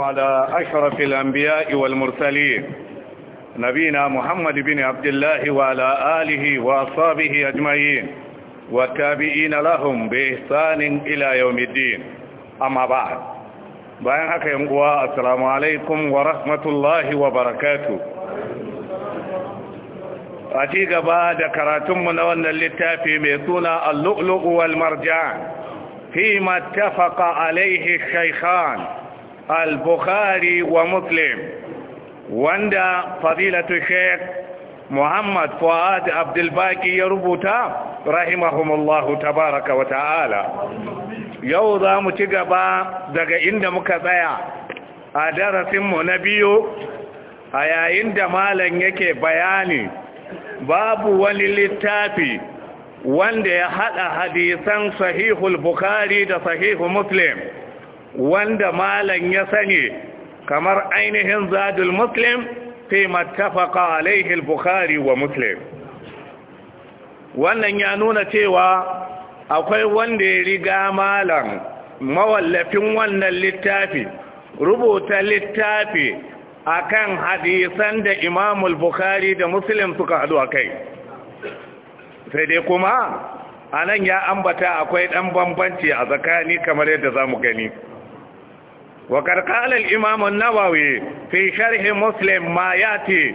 وعلى أشرف الأنبياء والمرسلين نبينا محمد بن عبد الله وعلى آله وأصحابه أجمعين وتابعين لهم بإحسان إلى يوم الدين أما بعد بأن أكيم السلام عليكم ورحمة الله وبركاته أتيك بعد كراتم من أن في ميتونا اللؤلؤ والمرجان فيما اتفق عليه الشيخان al-bukhari wa muslim wanda fadilatu sheikh muhammad fuad abdulbaki ya rubuta rahimahumullahu tabaraka wa ta'ala yau za mu ci gaba daga inda muka tsaya a darasinmu na biyu a yayin da malam yake bayani babu wani littafi wanda ya haɗa hadisan sahihul Bukhari da sahihu muslim wanda malan ya sani kamar ainihin zadul muslim fi matafaka alaihi al-bukhari wa muslim wannan ya nuna cewa akwai wanda ya riga malam mawallafin wannan littafi rubuta littafi akan hadisan da imamul bukhari da muslim suka hadu a kai sai dai kuma a nan ya ambata akwai ɗan bambanci a tsakani kamar yadda za mu gani وقد قال الإمام النووي في شرح مسلم ما ياتي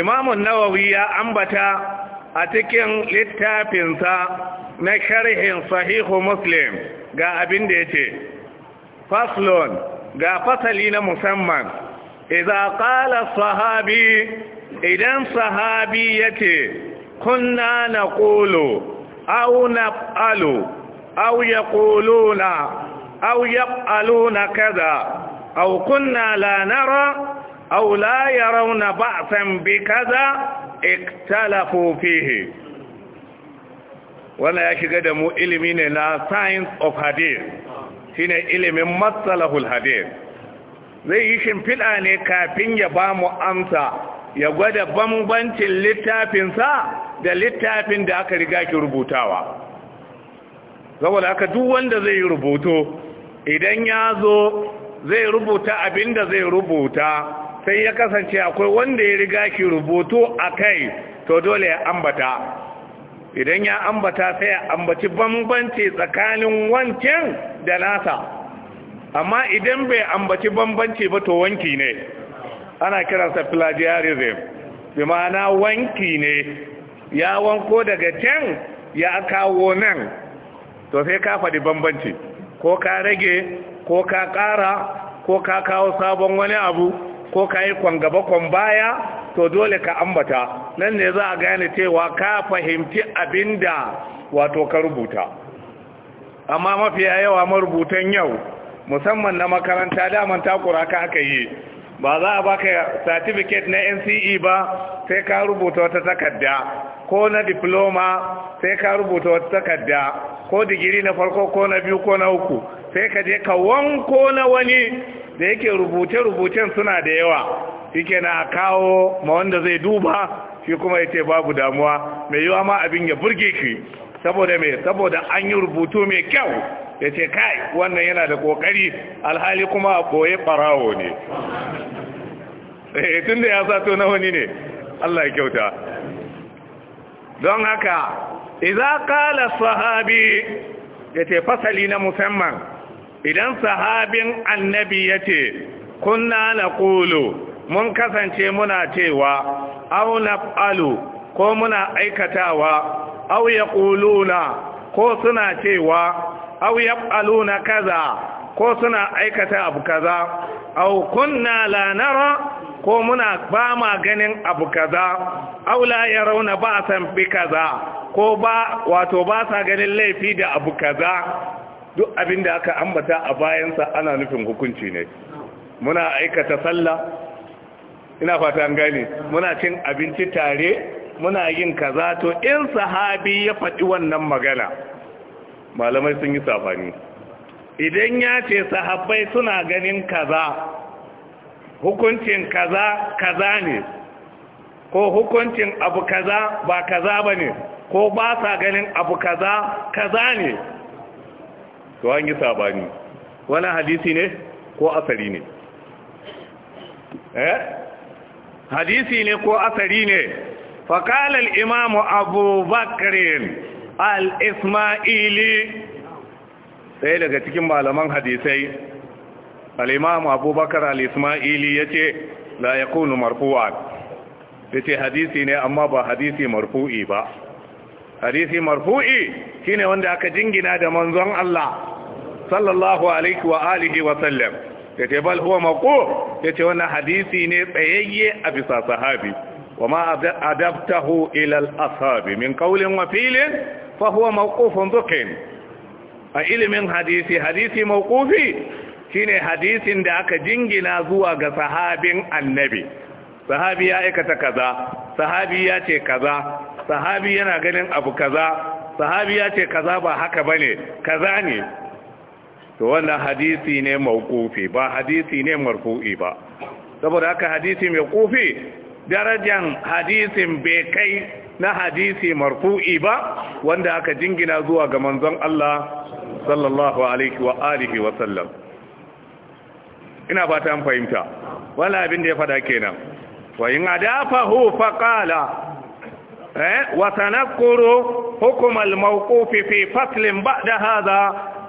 إمام النووي يا أنبتا أتكن للتابنسا نشرح صحيح مسلم قا أبن ديتي فصل قا فصلين مسمى إذا قال الصحابي إذا صحابيتي كنا نقول أو نفعل أو يقولون aw yaqaluna kaza aw kunna la nara aw la yarawna ba'san bi kaza iktalafu fihi wannan ya shiga da mu ilimi ne na science of hadith shine ilimin matsalahul hadith zai yi shimfiɗa ne kafin ya ba mu amsa ya gwada bambancin littafinsa da littafin da aka riga ki rubutawa saboda aka duk wanda zai yi rubutu idan ya zo zai rubuta abin da zai rubuta sai ya kasance akwai wanda ya riga ki rubutu a kai to dole ya ambata idan ya ambata sai ya ambaci bambanci tsakanin wancan da nasa amma idan bai ambaci bambanci ba to wanki ne ana kiransa plagiarism bi ma'ana wanki ne ya wanko daga can ya kawo nan to sai ka faɗi bambanci ko ka rage ko ka ƙara ko ka kawo sabon wani abu ko ka yi kwangaba baya to dole ka ambata nan ne za a gane cewa ka fahimci abin da wato ka rubuta amma mafi yawa marubutan yau musamman na makaranta daman takura ka aka yi ba za a baka certificate na nce ba sai ka rubuta wata takarda ko na diploma sai ka rubuta wata takarda ko digiri na farko ko na biyu ko na uku sai ka je ka wanko na wani da yake rubuce-rubucen suna da yawa yake na kawo ma wanda zai duba shi kuma ya babu damuwa mai yiwa ma abin ya burge shi saboda mai saboda an yi rubutu mai kyau ya ce kai wannan yana da kokari alhali kuma a boye barawo ne eh, tun da ya sato na wani ne Allah ya kyauta don haka iza kala sahabi ya ce fasali na musamman idan sahabin annabi ya ce, kunna na kulu, mun kasance muna cewa au na naf'alu ko muna aikatawa Au aw na, ko suna cewa Au aw na kaza ko suna aikata abu kaza Au kunna la nara ko muna ba ma ganin abu kaza aula ya rauna ba san bi kaza ko ba wato ba sa ganin laifi da abu kaza duk abin aka ambata a bayansa ana nufin hukunci ne muna aikata sallah ina fata an muna cin abinci tare muna yin kaza to in sahabi ya faɗi wannan magana malamai sun yi safani idan ya ce sahabbai suna ganin kaza hukuncin kaza kaza ne ko hukuncin abu kaza ba kaza ba ne ko ba sa ganin abu kaza kaza ne to an yi sabani wani hadisi ne ko asari ne eh hadisi ne ko asari ne faƙalar imamu abubakarin al-ismaili sai daga cikin malaman hadisai al abubakar al ya yace la yakunu marfu'an ce hadisi ne amma ba hadisi marfu'i ba hadisi marfu'i shine wanda aka jingina da manzon Allah sallallahu alaihi wa alihi wa sallam yace bal huwa Ya ce wannan hadisi ne tsayayye a bisa sahabi ilal أدبته إلى الأصحاب من filin fa فهو موقوف ذكر A ilimin hadisi, hadisi موقوفي shine hadisin da aka jingina zuwa ga sahabin annabi sahabi ya aikata kaza sahabi ya ce kaza sahabi yana ganin abu kaza sahabi ya ce kaza ba haka bane kaza ne to wannan hadisi ne mawqufi ba hadisi ne marfu'i ba saboda haka hadisi mai kufi darajan hadisin bai kai na hadisi marfu'i ba wanda aka jingina zuwa ga manzon Allah sallallahu alaihi wa alihi wa sallam ina fata an fahimta wala abin da ya fada kenan wa in adafahu qala eh wa tanakuru hukm al-mawquf fi faslin ba'da hadha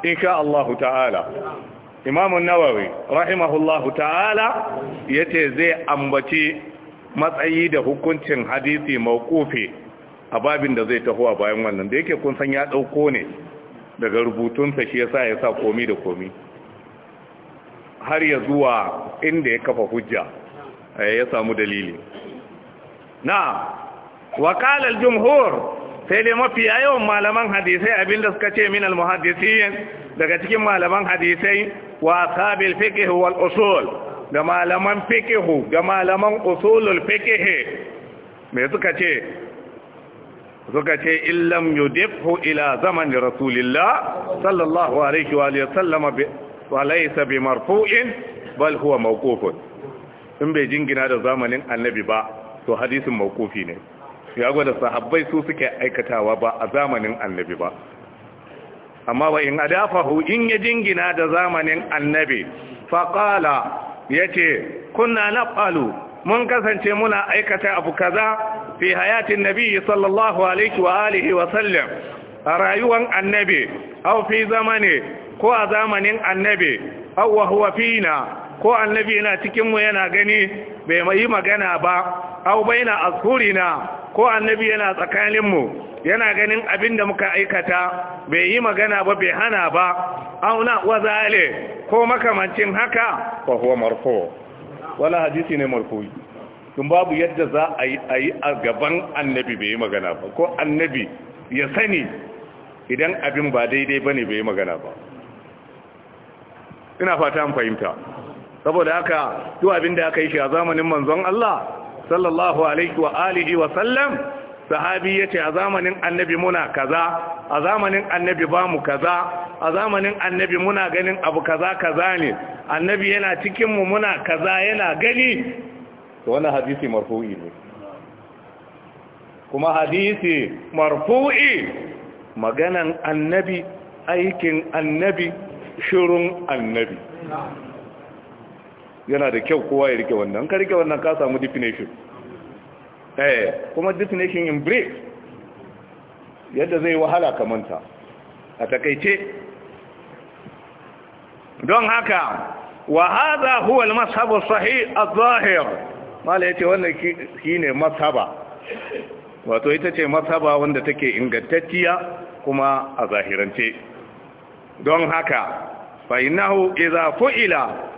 insha Allah ta'ala Imam an-Nawawi rahimahullahu ta'ala yace zai ambaci matsayi da hukuncin hadisi mawqufi a babin da zai taho bayan wannan da yake kun san ya dauko ne daga rubutunsa shi yasa ya sa komi da komi har ya zuwa inda ya kafa hujja eh, ya samu dalili na wakalar jumhur sai dai mafi yawan malaman hadisai abinda suka ce min almuhaddisiyin daga cikin malaman hadisai wa sabil fiqh wal usul da malaman fiqh da malaman usulul fiqh me suka ce suka ce illam yudifhu ila zaman rasulillah sallallahu alaihi wa sallam wa bi marfu'in bal huwa mawqufun in bai jingina da zamanin annabi ba to hadisin mawqufi ne ya gwada sahabbai su suke aikatawa ba a zamanin annabi ba amma wa in adafahu in ya jingina da zamanin annabi qala yace kunna naqalu mun kasance muna aikata abu kaza fi hayatin nabi sallallahu alaihi wa alihi wa sallam a rayuwan annabi aw fi zamani ko a zamanin annabi aw wa huwa fina ko annabi yana cikin mu yana gani bai yi magana ba aw baina azhurina ko annabi yana tsakanin mu yana ganin abin da muka aikata bai yi magana ba bai hana ba aw na wazale ko makamancin haka fa huwa marfu wala hadisi ne marfu'i tun babu yadda za a yi a gaban annabi bai yi magana ba ko annabi ya sani idan abin ba daidai ba ne bai magana ba ina fata an fahimta saboda haka duk abin da aka yi shi a zamanin manzon Allah sallallahu alaihi wa alihi wa sallam sahabi yace a zamanin annabi muna kaza a zamanin annabi bamu kaza a zamanin annabi muna ganin abu kaza kaza ne annabi yana cikin mu muna kaza yana gani to wannan hadisi marfu'i ne kuma hadisi marfu'i maganan annabi aikin annabi shirin annabi yana da kyau kowa ya rike wannan ka rike wannan ka samu definition eh kuma definition in brief yadda zai wahala ka manta a takaice don haka wa hadha huwa al-mashab as-sahih adh-dhahir mala yace wannan shine mashaba wato ita ce mashaba wanda take ingantacciya kuma a zahirance don haka fainahu فإنه إذا فعل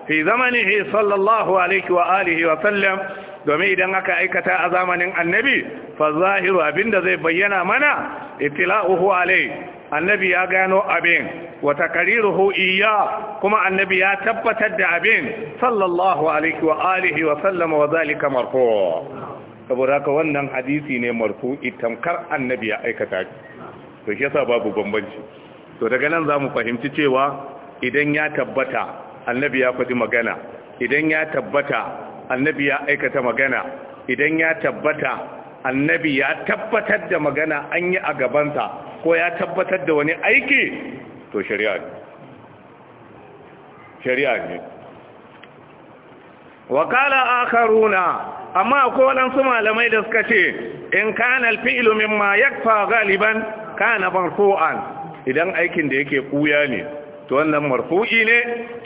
في sallallahu alaihi wa عليه wa sallam domin idan aka aikata a zamanin annabi fa zahiru abinda zai bayyana mana itila'uhu alai annabi ya gano abin wa takariruhu iya kuma annabi ya tabbatar da abin sallallahu alaihi wa alihi wa sallam wa zalika marfu saboda haka wannan hadisi ne marfu tamkar annabi ya aikata to shi yasa babu bambanci to daga nan zamu fahimci cewa idan ya tabbata annabi ya faɗi magana idan ya tabbata annabi ya aikata magana idan ya tabbata annabi ya tabbatar da magana an yi a gabansa ko ya tabbatar da wani aiki to shari'a ne shari'a ne wakala akharuna amma akwai wadansu malamai da suka ce in kana alfi'lu mimma yakfa galiban kana marfu'an idan aikin da yake kuya ne to wannan marfu'i ne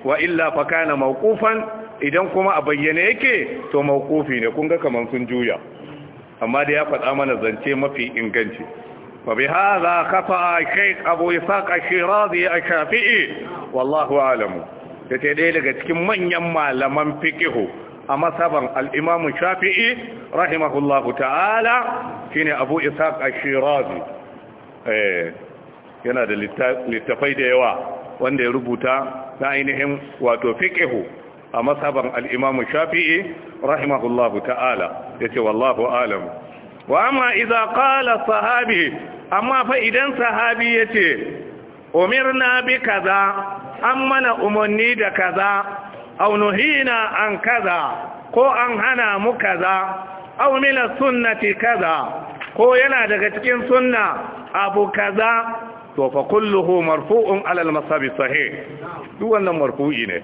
wa illa fa kana mawqufan idan kuma a bayyane yake to mawqufi ne kun ga kaman sun juya amma da ya faɗa mana zance mafi inganci fa bi hadha khata shaykh abu isaq ash-shirazi shafii wallahu a'lamu tace dai daga cikin manyan malaman fiqh a masaban al-imam shafi'i rahimahullahu ta'ala shine abu isaq ashirazi Eh, yana da littafai da yawa wanda ya rubuta na ainihin wato fiqhu a masaban al-Imam Shafi'i rahimahullahu ta'ala yace wallahu alam wa amma idza qala sahabi amma fa idan sahabi yace umirna bi kaza An mana umarni da kaza aw nuhina an kaza ko an hana mu kaza aw sunnati kaza ko yana daga cikin sunna abu kaza to fa kulluhu marfu'un alal masabi sahih duk wannan marfu'i ne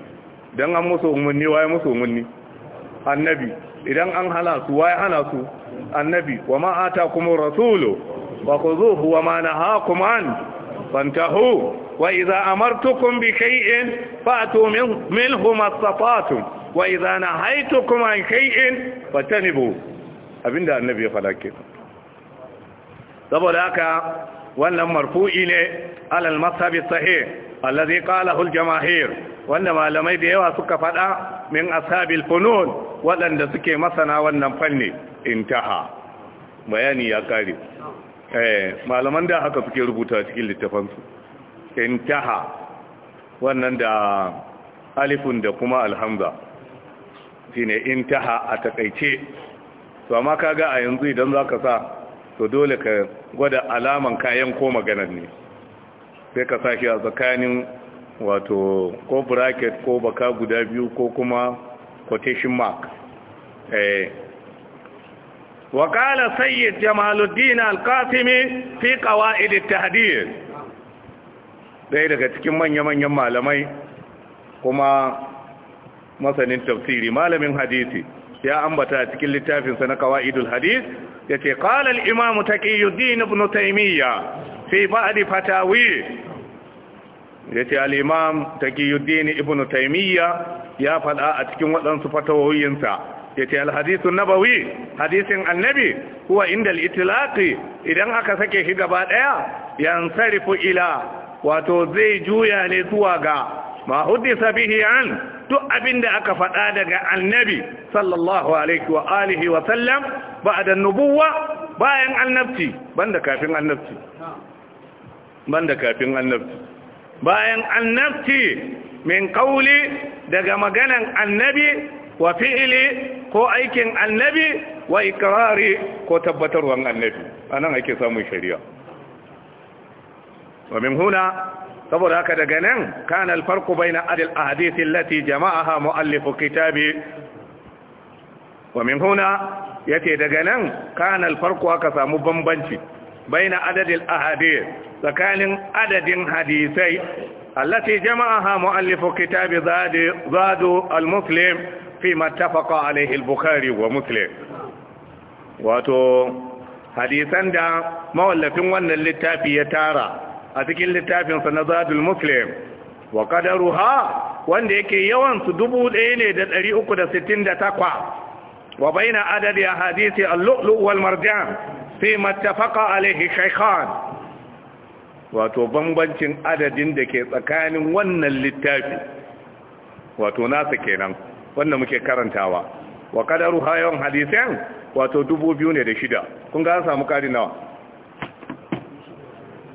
dan an musu umunni waye musu umunni annabi idan an hala su waye hala su annabi wa ma atakumur rasulu wa khuzuhu wa ma nahakum an fantahu wa idza amartukum bi shay'in fa'tu minhu mastata'tum wa idza nahaytukum an shay'in fatanibu abinda annabi ya fada kenan saboda haka wannan marfu'i ne alal masabi sahih allazi qalahu al-jamaahir wanda malamai da yawa suka fada min ashabil funun wadanda suke masana wannan fanni intaha bayani ya kare eh malaman da haka suke rubuta cikin littafan su intaha wannan da alifun da kuma alhamza shine intaha a takeice to amma kaga a yanzu idan zaka sa to dole ka gwada alaman kayan ko maganar ne sai ka sa shi a tsakanin wato ko bracket ko baka guda biyu ko kuma quotation mark eh wa سيد sayyid jamaluddin alqasimi fi qawaid التحديث dai daga cikin manya-manyan malamai kuma masanin tafsiri malamin hadisi ya ambata a cikin littafinsa na qawaidul hadith yace qala al-imam taqiyuddin ibn taymiya fi ba'd fatawi Alimam ta imam taqiyuddin ibn taymiya ya faɗa a cikin waɗansu fatawoyinsa yace al-hadithun nabawi hadisin annabi huwa inda al idan aka sake shi gaba daya yansarifu ila wato zai juya ne zuwa ga ma huddisa bihi an duk abinda aka faɗa daga annabi sallallahu alaihi wa alihi wa sallam ba'da nubuwa bayan annabci banda kafin annabci banda kafin annabci bayan annabci min kauli daga maganan annabi wa fi'ili ko aikin annabi wa ikrari ko tabbatarwan annabi anan ake samun shari'a wa min huna saboda haka daga nan kana alfarqu baina adil ahadith allati jama'aha muallifu kitabi wa min huna yace daga nan kana alfarqu aka samu bambanci baina adadil ahadith tsakanin adadin hadisai allati jama'aha muallifu kitabi zadu zadu almuslim فيما اتفق عليه wa ومسلم wato hadisan da mawallafin wannan littafi ya tara a cikin littafinsa na zadul muslim wa qadaruha wanda yake yawan su takwa. wa baina adadi a hadisi lulu wal marjan fi mattafaqa alayhi shaykhan wato bambancin adadin da ke tsakanin wannan littafi wato nasa kenan wanda muke karantawa wa qadaruha yawan hadisan wato dubu biyu ne da shida kun ga samu kari nawa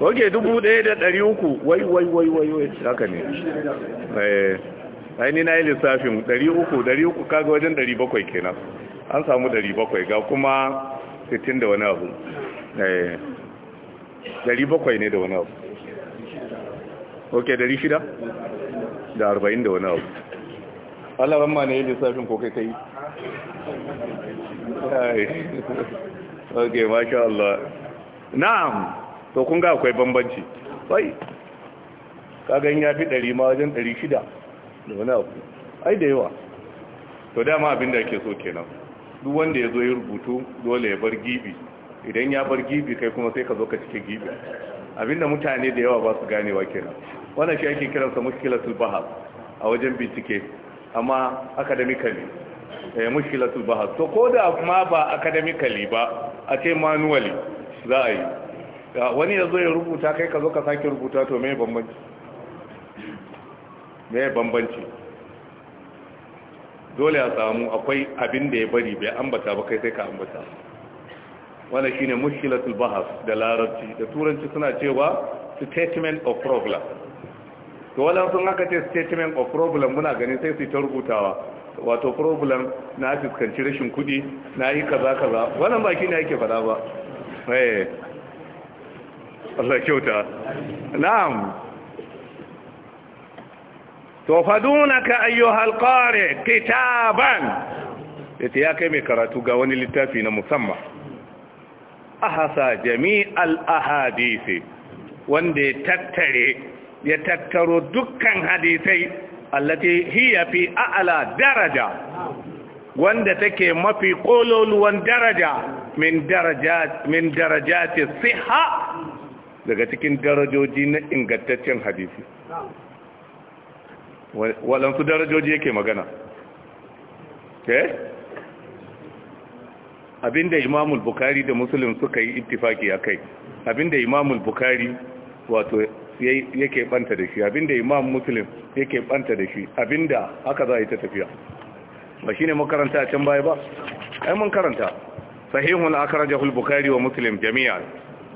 oke dubu ɗaya da ɗari uku wai wai wai wai wai haka ne eh, aini na yi lissafin ɗari uku ɗari uku kaga wajen ɗari bakwai kenan an samu ɗari bakwai ga kuma sittin da wani abu eh, ɗari bakwai ne da wani abu oke ɗari shida da arba'in da wani abu Allah ban ma ne yi lissafin ko kai kai ok masha Allah na'am to kun ga akwai bambanci Ka kagan ya fi ɗari ma wajen ɗari shida da wani abu ai da yawa to dama abin da ke so kenan duk wanda ya zo ya rubutu dole ya bar gibi idan ya bar gibi kai kuma sai ka zo ka cike gibi abinda mutane da yawa ba su ganewa kenan wannan shi ake kiransa mushkilatul bahar a wajen bincike amma academically eh mushkilatul bahar to ko da ma ba academically ba a ce manually za a yi wani ya zo ya rubuta kai ka zo ka sake rubuta to mai bambanci mai bambanci dole a samu akwai abin da ya bari bai ambata ba kai sai ka ambata wanda shine mushkilatul bahas da larabci da turanci suna cewa statement of problem to wadda sun haka ce statement of problem muna ganin sai su ta rubutawa wato problem na fuskanci rashin kudi na yi kaza kaza wannan baki ne yake faɗa ba eh Allah kyauta na'am to fadunaka ayyuhal qari kitaban yace ya kai mai karatu ga wani littafi na musamman ahasa jami'al ahadisi wanda ya tattare ya tattaro dukkan hadisai allati hiya fi a'ala daraja wanda take mafi ƙololuwan daraja min daraja min darajati siha daga cikin darajoji na ingantaccen hadisi waɗansu darajoji yake magana ke abinda imamul bukari da musulun suka yi ittifaki a kai abinda imamul bukari wato yake banta da shi abinda imam musulun yake banta da shi abinda aka za a yi ta tafiya ba shi ne makaranta a can baya ba ai mun karanta sahihun akarajahul bukari wa musulun jami'a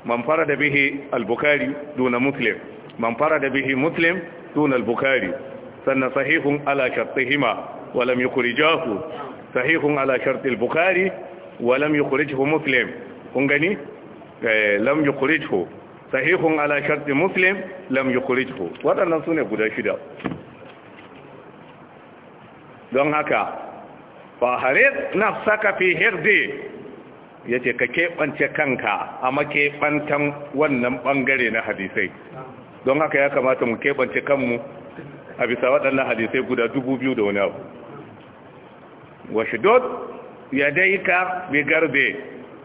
man farada bihi al-bukhari muslim man farada bihi muslim duna al sannan sahihun ala wa lam sahihun ala wa lam muslim kun gani eh, sahihun ala muslim lam yukhrijhu wadannan sune guda shida don haka fa harid nafsaka ya ce ka keɓance kanka a makeɓantan wannan ɓangare na hadisai don haka ya kamata mu keɓance kanmu a bisa waɗannan hadisai guda dubu biyu da wani abu washidot ya dai ka bi garbe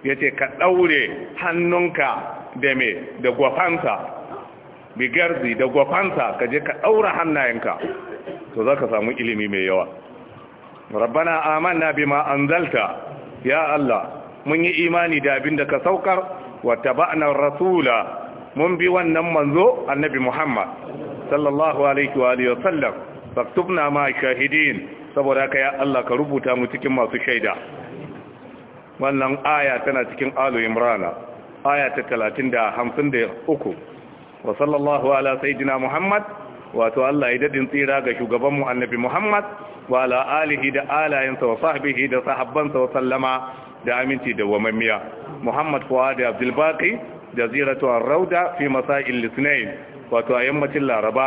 ya ce ka ɗaure hannunka da me da gwafansa bi da gwafansa ka je ka ɗaura hannayenka to za ka samu ilimi mai yawa rabbana amanna bima anzalta ya Allah mun yi imani da abin da ka saukar wa taba'na rasula mun bi wannan manzo annabi Muhammad sallallahu alaihi wa alihi wasallam faktubna ma shahidin saboda ka ya Allah ka rubuta mu cikin masu shaida wannan aya tana cikin alu imrana aya ta talatin da uku. wa sallallahu ala sayidina Muhammad wato Allah ya dadin tsira ga shugabanmu annabi Muhammad wa ala alihi da alayensa wa sahbihi da sahabbansa wa sallama da aminci da wamammiya muhammad da Abdulbaki da ar-rauda fi masail litnain wato a yammacin laraba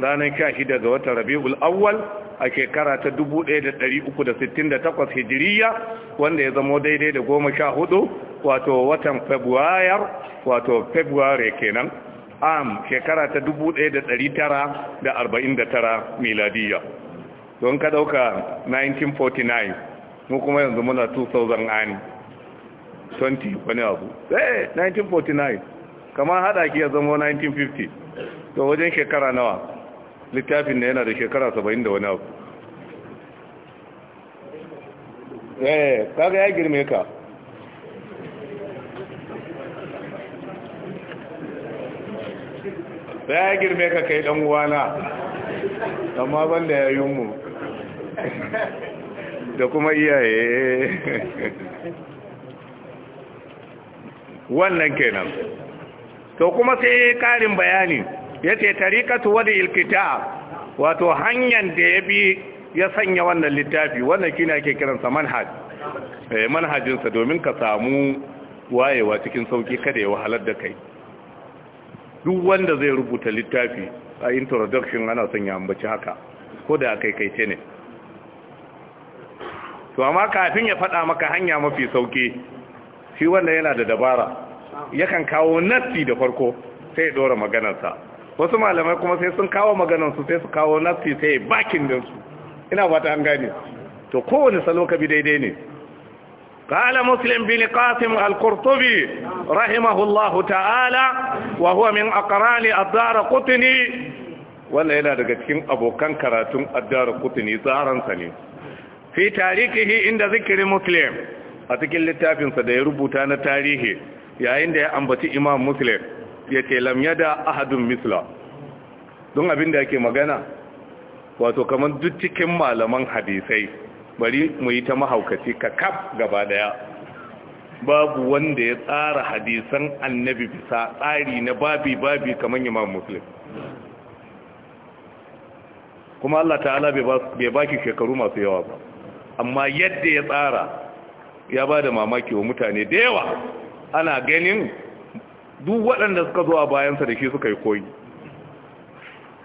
ranar 16 ga watan rabiul awwal a shekara ta 1368 hijiriya wanda ya zamo daidai da goma hudu, wato watan februar wato february kenan am shekara ta 1949 miladiya don ka dauka 1949 mu kuma yanzu muna 2020 wani abu eh 1949 kamar hada ki ya zama 1950 to wajen shekara nawa littafin da yana da shekara 70 da wani abu eh kaga ya girme ka ya girme ka kai dan uwana amma ban da yayin mu da kuma iyaye wannan kenan to kuma sai karin bayani ya ce tarikatu wadda ilkita wato hanyar da ya bi ya sanya wannan littafi wannan shi ne ake kiransa manhaj eh, manhajinsa domin ka samu wayewa cikin sauki kada ya wahalar da kai duk wanda zai rubuta littafi a introduction ana sanya ya ambaci haka ko da kai kai ce ne to amma kafin ya faɗa maka hanya mafi sauki shi wanda yana da dabara yakan kawo nassi da farko sai ya dora maganarsa wasu malamai kuma sai sun kawo maganarsu sai su kawo nassi sai bakin dinsu ina fata an gane to kowane salo ka bi daidai ne قال مسلم بن قاسم القرطبي رحمه الله تعالى وهو من أقران الدار قطني ولا إلى دقتهم أبو كان كراتون الدار قطني ظاهرا سنين fi tarihi inda zikirin muslim a cikin littafinsa da ya rubuta na tarihi yayin da ya ambaci imam muslim ya ce lam yada ahadun misla don abin da yake magana wato kamar duk cikin malaman hadisai bari mu yi ta mahaukaci ka kaf gaba daya babu wanda ya tsara hadisan annabi bisa tsari na babi babi kamar imam muslim kuma Allah ta'ala bai baki shekaru masu yawa ba amma yadda ya tsara ya ba da mamaki wa mutane da yawa ana ganin duk waɗanda suka zo a bayansa da shi suka yi koyi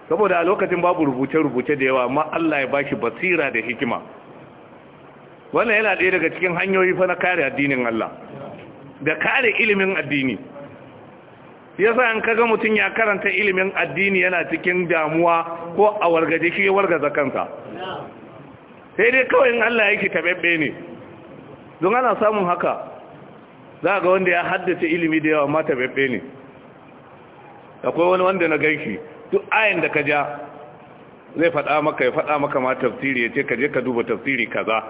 saboda a lokacin babu rubuce-rubuce da yawa amma Allah ya ba shi basira da hikima wannan yana ɗaya daga cikin hanyoyi fa na kare addinin Allah da kare ilimin addini yasa an ga mutum ya karanta ilimin addini yana cikin damuwa ko a wargaje shi ya wargaza kansa sai dai kawai in Allah yake tabebbe ne don ana samun haka za ga wanda ya haddace ilimi da yawa ma tabebbe ne akwai wani wanda na ganki duk ayin da ka ja zai faɗa maka ya faɗa maka ma tafsiri ya ce ka je ka duba tafsiri kaza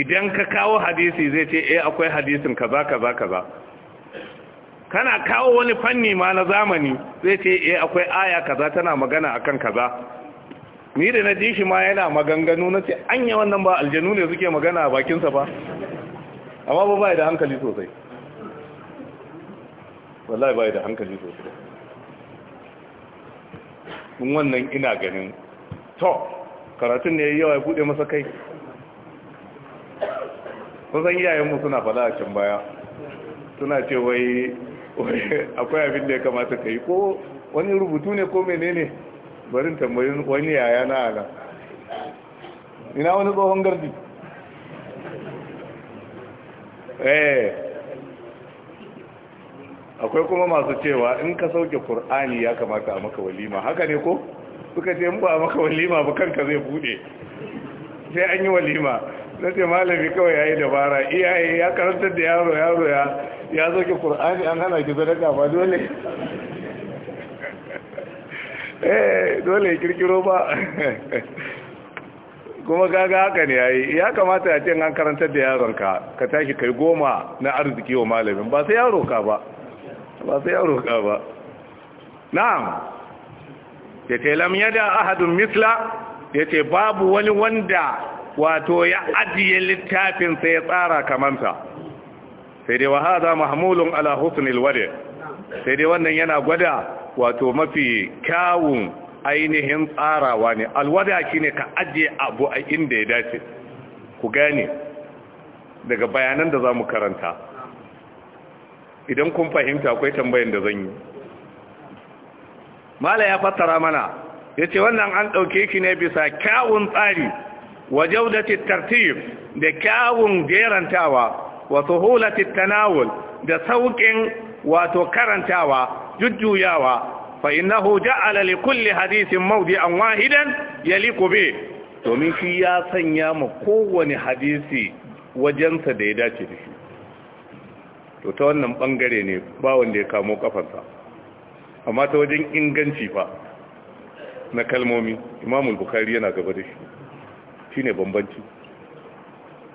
idan ka kawo hadisi zai ce eh akwai hadisin kaza kaza kaza kana kawo wani fanni ma na zamani zai ce eh akwai aya kaza tana magana akan kaza ni da na ji shi ma yana maganganu na ce yi wannan ba aljanu ne suke magana a bakinsa ba amma ba ba da hankali sosai wallahi ba da hankali sosai in wannan ina ganin to karatun ne yawa ya bude masa kai kusan iyayenmu suna fada a can baya suna ce wai akwai abin da ya kamata ka yi ko wani rubutu ne ko menene barin tambayin wani yaya na ala ina wani tsohon gardi eh akwai kuma masu cewa in ka sauke Kur'ani ya kamata a maka walima haka ne ko suka ce in ba a maka walima ba kanka zai bude sai an yi walima na ce malami kawai ya yi dabara iyaye ya karantar da yaro yaro ya ya Kur'ani an hana ki sadaka ba dole eh dole ya kirkiro ba kuma kaga haka ne yayi ya kamata ya ce an karantar da yaronka ka tashi kai goma na arziki wa malamin ba sai yaro ka ba ba sai yaro ka ba na'am ce lam yada ahadun misla ya ce babu wani wanda wato ya ajiye littafin sai ya tsara kamansa sai dai wa hadha mahmulun ala husnil wadi sai dai wannan yana gwada wato mafi kyawun ainihin tsarawa ne alwada ne ka ajiye abu a inda ya dace ku gane daga bayanan da za mu karanta idan kun fahimta akwai tambayin da zan yi mala ya fassara mana ya ce wannan an ɗauke shi ne bisa kyawun tsari wa da tartib da kyawun jerantawa wa hula tanawul da sauƙin wato karantawa jujjuyawa fa innahu ja'ala li kulli hadithin mawdi'an wahidan yaliqu bi domin shi ya sanya ma kowane hadisi wajensa da ya dace da shi to ta wannan bangare ne ba wanda ya kamo kafansa amma ta wajen inganci fa na kalmomi imamu bukhari yana gaba da shi shine bambanci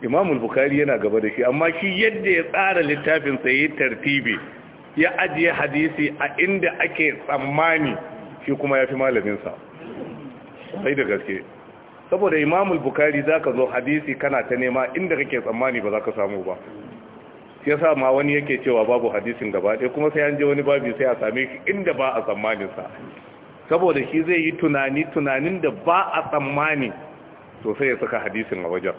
imamu bukhari yana gaba da shi amma shi yadda ya tsara littafin ya yi tartibi ya ajiye hadisi a inda ake tsammani shi kuma ya fi malaminsa sai da gaske saboda imamul bukari za ka zo hadisi kana ta nema inda kake tsammani ba za ka samu ba ya sa ma wani yake cewa babu hadisin gaba ɗaya kuma sai an je wani babi sai a same shi inda ba a tsammaninsa saboda shi zai yi tunani tunanin da ba a tsammani to sai ya saka hadisin a wajen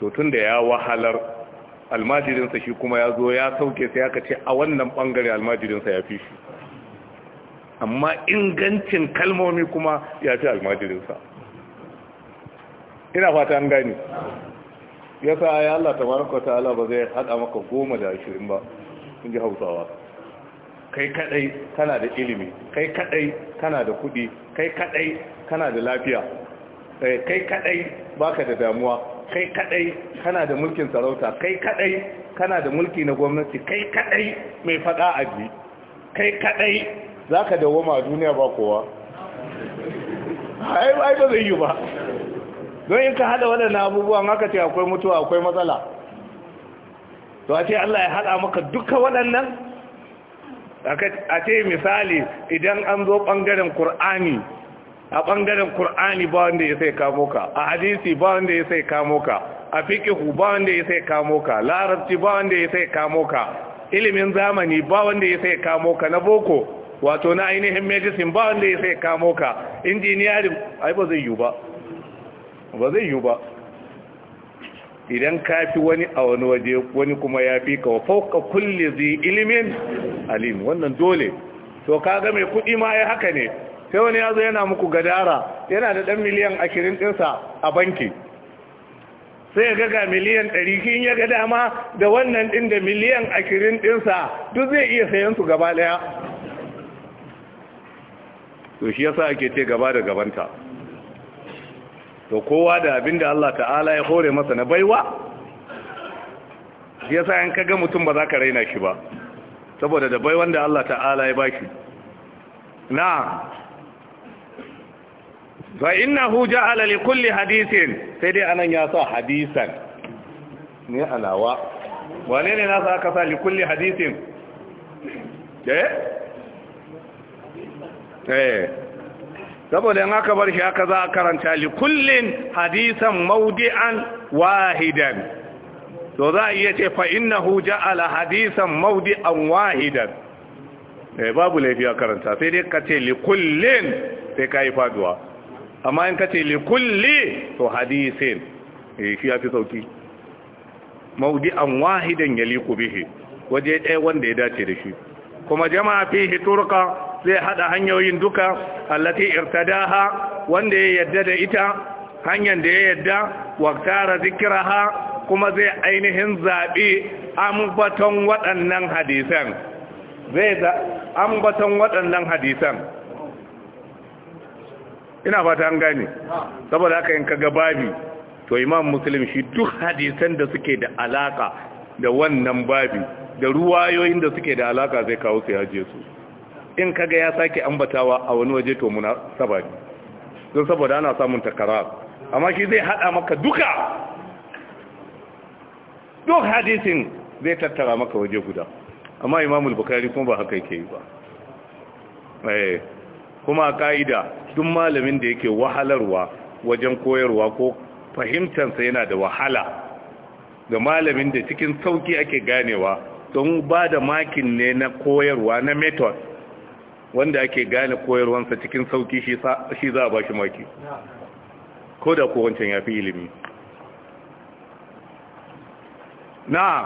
to tun da ya wahalar almajirinsa shi kuma ya zo ya sauke sai aka ce a wannan bangare almajirinsa ya fi shi amma ingancin kalmomi kuma ya fi almajirinsa ina fata an gani ya sa ya Allah tabaraka ta'ala ba zai hada maka goma da ashirin ba in ji hausawa kai kadai kana da ilimi kai kadai kana da kudi kai kadai kana da lafiya eh, kai kadai baka da damuwa kai kadai kana da mulkin sarauta kai kadai kana da mulki na gwamnati kai kadai mai fada aji kai kadai zaka dawoma a duniya ba kowa ai ba zai yi ba don in ka hada waɗannan abubuwan haka ce akwai mutuwa akwai matsala to a ce Allah ya hada maka duka waɗannan a ce misali idan an zo ɓangaren Kur'ani. a ɓangaren Kur'ani ba wanda ya sai kamo ka a hadisi ba wanda ya sai kamo ka a fikihu ba wanda ya sai kamo ka larabci ba wanda ya sai kamo ka ilimin zamani ba wanda ya sai kamo ka na boko wato na ainihin medicine ba wanda ya sai kamo ka injiniyarin ai ba zai yiwu ba ba zai yiwu ba idan ka fi wani a wani waje wani kuma ya fi ka wa fauka kulli zai ilimin alim wannan dole to kaga mai kuɗi ma ya haka ne sai wani ya zo yana muku gadara yana da ɗan miliyan ashirin ɗinsa a banki sai ya gaga miliyan ɗari kin ya ga dama da wannan ɗin da miliyan ashirin ɗinsa duk zai iya sayan su gaba ɗaya to shi yasa ake ce gaba da gabanta to kowa da abin da Allah ta'ala ya hore masa na baiwa shi yasa yan kaga mutum ba za ka raina shi ba saboda da baiwan da Allah ta'ala ya baki na fa innahu ja'ala alali kulli hadisin, sai dai anan ya sa hadisan ne alawa wane ne na sa aka sa likulli hadisin? hadithin eh? eh saboda in aka bar shi aka za a karanta likullin hadisan maudi'an wahidan to za a iya ce fa innahu ala hadisan maudi'an wahidan eh, babu laifi a karanta sai dai ka ce likullin, sai ka yi faduwa amma in kace li kulli to hadisin eh shi ya fi sauki mawdi'an wahidan yaliku bihi waje ɗaya wanda ya dace da shi kuma jama'a fihi turqa zai hada hanyoyin duka allati irtadaha wanda ya yadda da ita hanyar da ya yadda wak-tara zikraha kuma zai ainihin zabi ambaton waɗannan hadisan zai ambaton waɗannan hadisan ina fata an gane saboda haka in kaga babi to imam muslim shi duk hadisan da suke da alaka da wannan babi da ruwayoyin da suke da alaka zai kawo su yaje su in kaga ya sake ambatawa a wani waje to muna sabani don saboda ana samun takarar amma shi zai hada maka duka duk hadisin zai tattara maka waje guda amma imam kuma ba haka yake yi ba eh kuma ka'ida duk malamin da yake wahalarwa wajen koyarwa ko fahimtansa yana da wahala ga malamin da cikin sauki ake ganewa don ba da makin ne na koyarwa na method wanda ake gane koyarwansa cikin sauki shi za a ba shi maki ko da kowancan ya fi ilimi na'am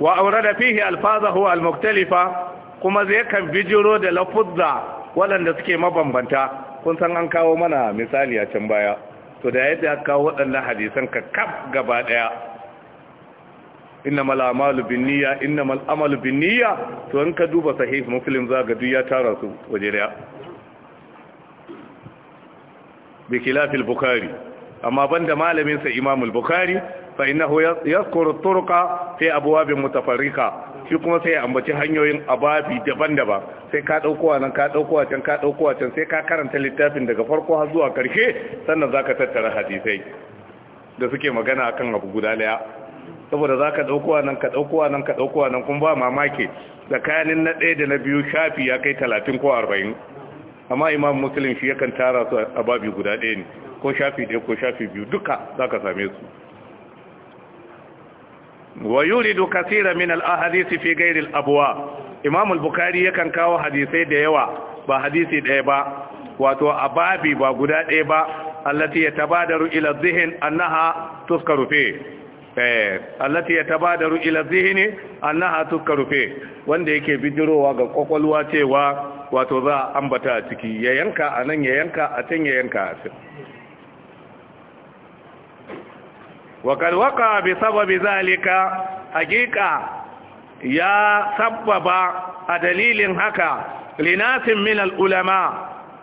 wa aure da fihi alfazahu al-muktalifa kuma zai kan bijiro da lafuzza waɗanda suke mabambanta kun san an kawo mana misali a can baya to da yadda ya kawo waɗannan hadisan ka kaf gaba ɗaya Inna amalu binniya Inna amalu binniya to in ka duba sahih muslim za ga duya ya tara su waje daya bi khilafil bukhari amma banda malamin sa Imamul bukhari fa innahu yazkuru turuqa fi abwabin mutafarrika shi kuma sai ya ambaci hanyoyin ababi daban-daban sai ka dauko nan ka dauko can ka dauko can sai ka karanta littafin daga farko har zuwa karshe sannan zaka tattara hadisai da suke magana akan abu guda daya saboda zaka dauko nan ka dauko nan ka dauko nan kun ba mamaki tsakanin na ɗaya da na biyu shafi ya kai talatin ko arba'in. amma imam muslim shi yakan tara su ababi guda ɗaya ne ko shafi ɗaya ko shafi biyu duka zaka same su wa yuridu kaseera min al-ahadith fi ghayri al-abwa imam al-bukhari yakan kawo hadisai da yawa ba hadisi ɗaya ba wato ababi ba guda ɗaya ba allati yatabadaru ila dhihn annaha tuskaru fi eh allati yatabadaru ila dhihni annaha tuskaru fi wanda yake bidirowa ga kokolwa cewa wato za a ambata a ciki ya yanka anan ya yanka a can ya yanka wakar waka bi sababi zalika hakika ya sababa a dalilin haka linasin minal ulama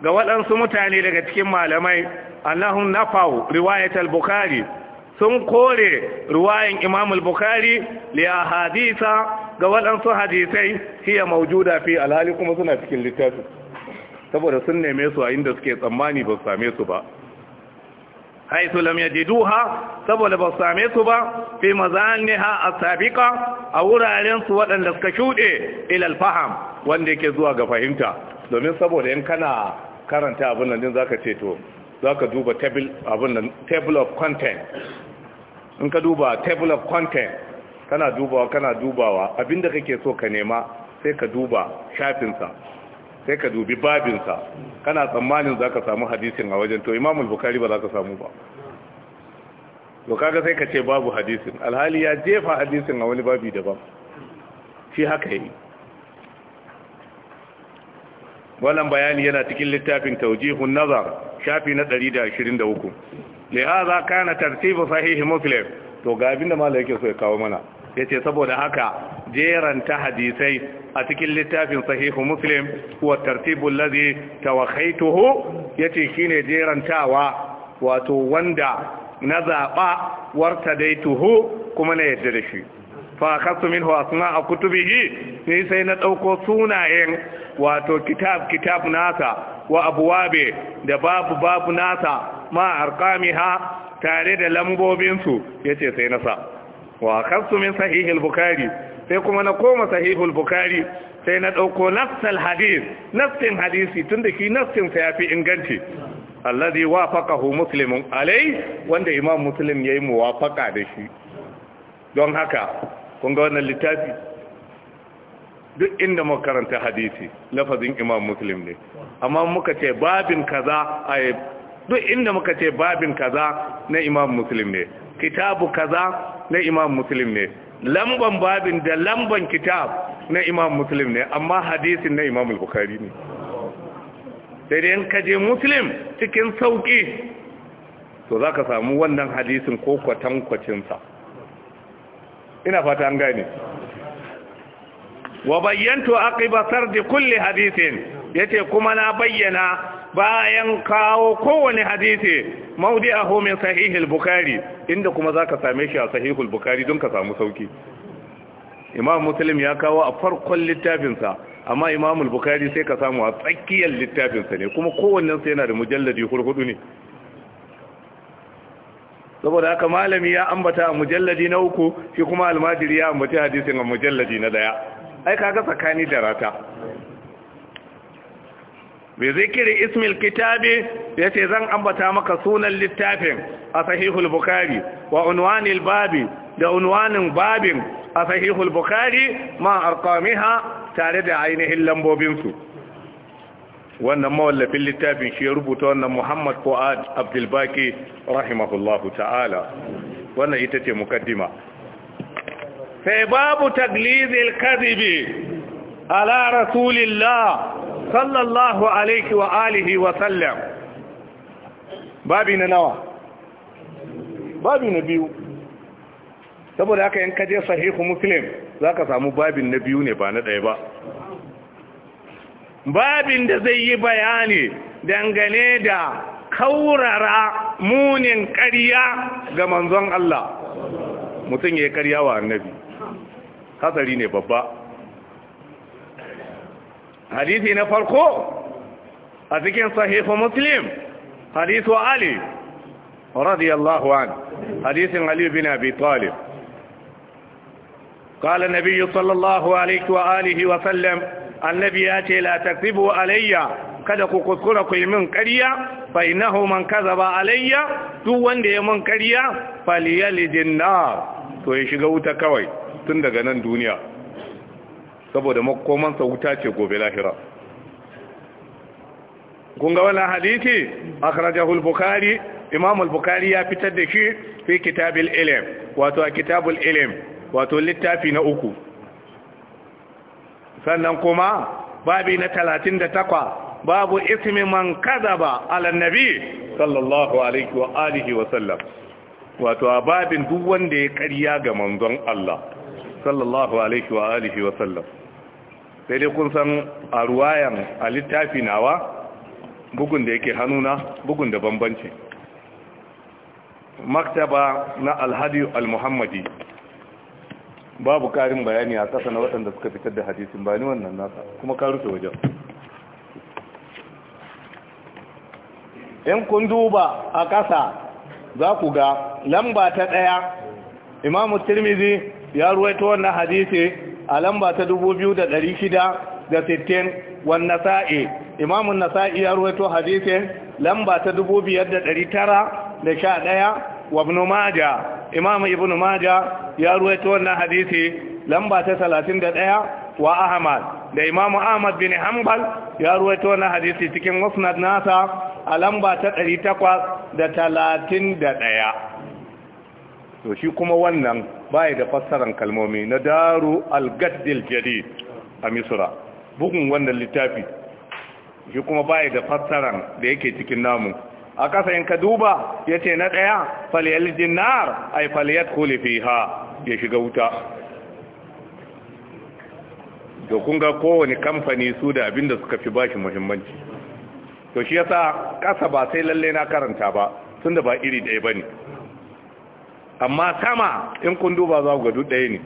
ga waɗansu mutane daga cikin malamai annahun nafau riwayat al-bukhari sun kore ruwayin imam al-bukhari liya hadisa ga waɗansu hadisai siya maujuda fi alhali kuma suna cikin littafi saboda sun neme su a inda suke tsammani ba su same su ba haitu lam yajiduha saboda ba same su ba fi mazaniha asabiqa a wuraren su waɗanda suka shuɗe ilal faham wanda yake zuwa ga fahimta domin saboda in kana karanta abin nan din zaka ce to zaka duba table abin nan table of content in ka duba table of content kana dubawa kana dubawa abinda kake so ka nema sai ka duba shafinsa sai ka dubi babinsa kana tsammanin za ka samu hadisin a wajen to imamul bukari ba za ka samu ba to kaga sai ka ce babu hadisin alhali ya jefa hadisin a wani babi daban shi haka yi wannan bayani yana cikin littafin taujihun nazar shafi na 123 lihaza kana tartibu sahihi muslim to ga abinda malai yake so ya kawo mana ya ce saboda haka jeranta hadisai a cikin littafin sahihu muslim wa tartibul Ya ce yace shine jerantawa wato wanda na zaɓa dai tuhu kuma na yadda da shi fa a minhu a kutubihi ni sai na ɗauko sunayen wato kitab kitab nasa wa abuwabe da babu babu nasa ma arqamiha tare da lambobinsu yace sai na sa wa kasu min sahihul Bukari bukhari sai kuma na koma sahihul Bukari bukhari sai na dauko nafsal hadith nafsin hadisi tunda shi nafsin sa yafi inganci alladhi wafaqahu muslimun alai wanda imam muslim yayi muwafaqa da shi don haka kun ga wannan littafi duk inda muka karanta hadisi lafazin imam muslim ne amma muka ce babin kaza a duk inda muka ce babin kaza na imam muslim ne kitabu kaza na imam muslim ne lamban babin da lamban kitab na imam muslim ne amma hadisin na imam al-bukhari ne sai dai ka je muslim cikin sauki to za samu wannan hadisin ko sa ina fata an gane wa bayyanto aqiba sardi kulli hadithin yace kuma na bayyana bayan kawo kowane hadisi maudi'ahu min sahihil bukhari inda kuma zaka same shi a sahihul bukhari don ka samu sauki imam muslim ya kawo a farkon littafinsa amma Imamul bukhari sai ka samu a tsakiyar littafinsa ne kuma kowannen sai yana da mujalladi hurhudu ne saboda haka malami ya ambata a mujalladi na uku shi kuma almajiri ya ambata hadisin a mujalladi na daya ai kaga tsakani da rata bi zikiri ismil kitabi ya ce zan ambata maka sunan littafin a sahihul bukari wa unwanil babi da unwanin babin a sahihul bukari ma arqamiha tare da ainihin lambobinsu wannan mawallafin littafin shi ya rubuta wannan muhammad fuad abdulbaki rahimahullahu ta'ala wannan ita ce mukaddima sai babu taglizil kazibi ala rasulillah sallallahu alaihi wa alihi wa sallam babi na nawa babi na biyu saboda haka yanka je sahihu muslim za ka samu babin na biyu ne ba na ɗaya ba babin da zai yi bayani dangane da kaurara munin ƙarya ga manzon Allah mutum ya yi ƙarya wa annabi hatsari ne babba hadisi na farko a cikin sahihu muslim hadisu ali radiyallahu an hadisin ali bin abi talib قال النبي صلى الله عليه وآله وسلم النبي آتي لا kada ku kuskura kuyi min karya fa innahu man kazaba alayya duk wanda ya min karya falyalijin nar to ya shiga wuta kawai tun daga nan duniya saboda makomansa wuta ce gobe lahira kun ga wannan hadisi akhrajahu al-bukhari imam al-bukhari ya fitar da shi fi kitab al-ilm wato a kitab al-ilm wato littafi na uku sannan kuma babi na 38 babu ismi man kadaba ala nabi sallallahu alaihi wa alihi wa sallam wato a babin duk wanda ya karya ga manzon Allah sallallahu alaihi wa alihi wa sallam sai kun san a ruwayan a littafi nawa bugun da yake hannuna bugun da bambanci maktaba na alhadi al babu karin bayani a kasa na waɗanda suka fitar da hadisin ba wannan nasa kuma ka rufe wajen in kun duba a kasa za ku ga lamba ta ɗaya imamu tirmizi ya ruwaito wannan hadisi a lamba ta 2660 wan nasa'i imamun nasa'i ya ruwaito hadisin lamba ta 5911 wa ibn maja imamu ibn maja ya ruwaito wannan hadisi lamba ta 31 wa ahmad da imamu ahmad bin hanbal ya ruwaito wannan hadisi cikin musnad nasa a lamba ta 831 to shi kuma wannan baya da fassaran kalmomi na daru al-gaddil jadid a misra bugun wannan littafi shi kuma baya da fassaran da yake cikin namu a ƙasa in ka duba ya ce na ɗaya faliyar jinar ai faliyar kulifi ha ya shiga wuta da kunga kowane kamfani su da abinda suka fi bashi muhimmanci to shi yasa ƙasa ba sai lalle na karanta ba tun da ba iri ɗaya ba ne amma sama in kun duba za ku ga duk ɗaya ne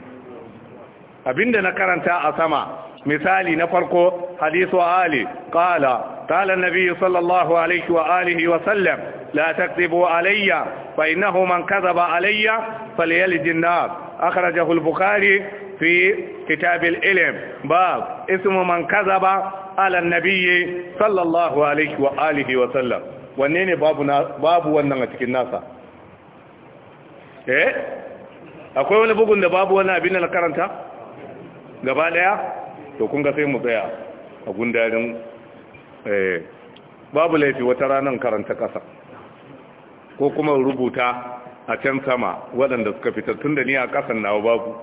abinda na karanta a sama misali na farko hadisu ali qala qala an-nabi sallallahu alaihi wa alihi wa sallam la takdibu alayya fa innahu man kadhaba alayya falyalij nar akhrajahu al-bukhari fi kitab al-ilm bab ismu man kadhaba ala an-nabi sallallahu alaihi wa alihi wa sallam wanne ne babu babu wannan a cikin nasa eh akwai wani bugun da babu wani abin da na karanta gaba daya to kun ga sai mu tsaya a gundarin eh babu laifi wata ranar karanta kasa ko kuma rubuta a can sama waɗanda suka fitar tun da ni a ƙasan nawa babu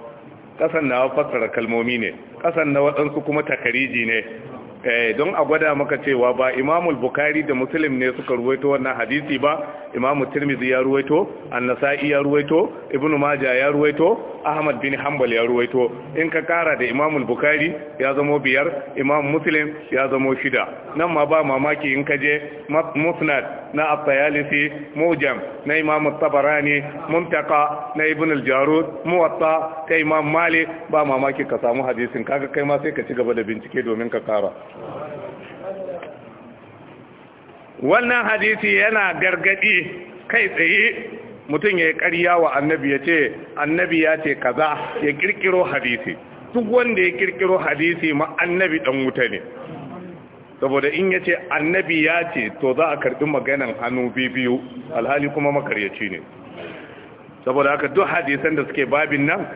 ƙasan nawa fassara kalmomi ne ƙasan na waɗansu kuma takariji ne Eh, don a gwada maka cewa ba imamul bukhari da muslim ne suka ruwaito wannan hadisi ba Imam tirmidhi ya ruwaito annasa'i ya ruwaito ibnu maja ya ruwaito ahmad bin hanbal ya ruwaito in ka kara da imamul bukhari ya zamo biyar imam muslim ya zamo shida nan ma ba mamaki in ka je musnad na at-tayalisi mujam na imam tabarani muntaka na ibn al-jarud muwatta ta imam malik ba mamaki ka samu hadisin kaga kai ma sai ka ci gaba da bincike domin ka kara wannan hadisi yana gargadi kai tsaye mutum ya yi ƙarya wa annabi ya ce annabi ya ce kaza ya kirkiro hadisi duk wanda ya kirkiro hadisi ma annabi dan wuta ne saboda in ya ce annabi ya ce to za a karɓi maganan hannu biyu alhali kuma makaryaci ne saboda haka duk hadisan da suke babin nan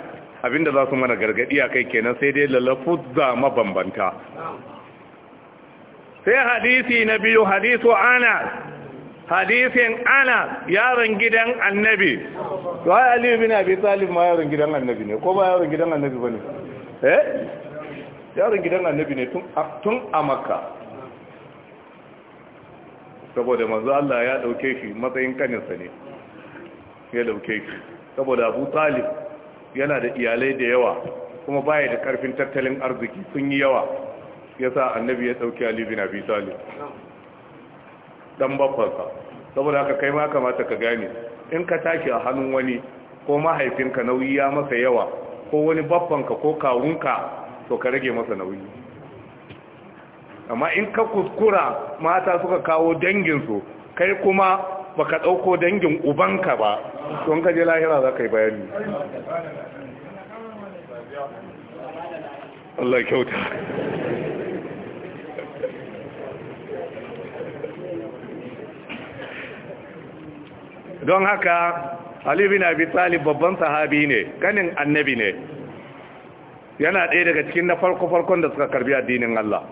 abinda za su mana gargadi a kai kenan sai dai lalafu za mabambanta sai hadisi na biyu hadisu ana hadisin ana yaron gidan annabi to ai ali bin abi talib ma yaron gidan annabi ne ko ba yaron gidan annabi bane eh yaron gidan annabi ne tun tun a makka saboda manzo Allah ya dauke shi matsayin kaninsa ne ya dauke shi saboda Abu Talib yana da iyalai da yawa kuma baya da karfin tattalin arziki sun yi yawa yasa annabi ya ɗauki ali bin abi talib dan bakwansa saboda haka kai ma kamata ka gane in ka tashi a hannun wani ko mahaifinka nauyi ya masa yawa ko wani babbanka ko kawunka to ka rage masa nauyi amma in ka kuskura mata suka kawo danginsu kai kuma baka dauko dangin ubanka ba to in ka je lahira za ka yi bayani Allah kyauta don haka Aliyu bin Abi babban sahabi ne ganin annabi ne yana ɗaya daga cikin na farko farkon da suka karbi addinin Allah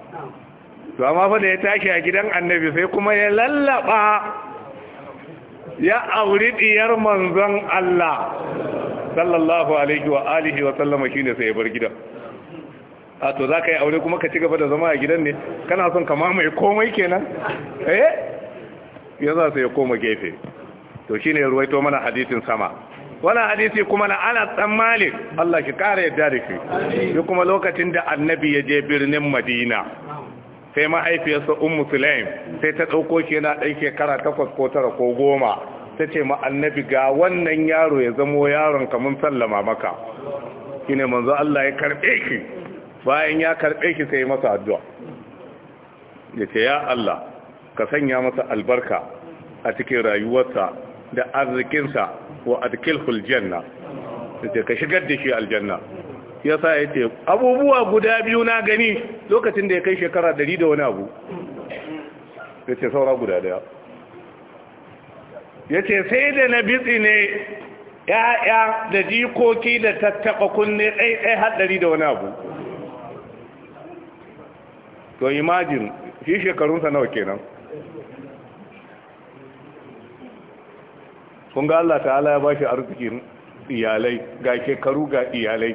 to amma fa da ya tashi a gidan annabi sai kuma ya lallaba ya auri diyar manzon Allah sallallahu alaihi wa alihi wa sallama shine sai ya bar gidan a to za ka yi aure kuma ka ci gaba da zama a gidan ne kana son ka mamaye komai kenan eh ya za su ya koma gefe to shine ruwaito mana hadisin sama wannan hadisi kuma na ana dan Allah ki kare yadda da shi shi kuma lokacin da annabi ya je birnin Madina sai mahaifiyarsa Ummu Sulaim sai ta dauko shi yana dan shekara takwas ko 9 ko 10 tace ma annabi ga wannan yaro ya zamo yaron mun sallama maka shine manzo Allah ya karbe shi bayan ya karbe shi sai masa addu'a yace ya Allah ka sanya masa albarka a cikin rayuwarsa da arzikinsa wa adkilhul janna sai ka shigar da shi aljanna yasa ce abubuwa guda biyu na gani lokacin da ya kai shekara 100 da wani abu yace saura guda daya yace sai da na bitsi ne ya'ya da jikoki da tattaka kunne ɗaiɗai haɗari da wani abu to imagine shi shekarunsa nawa kenan kun ga Allah ta'ala ya bashi arzikin iyalai ga shekaru ga iyalai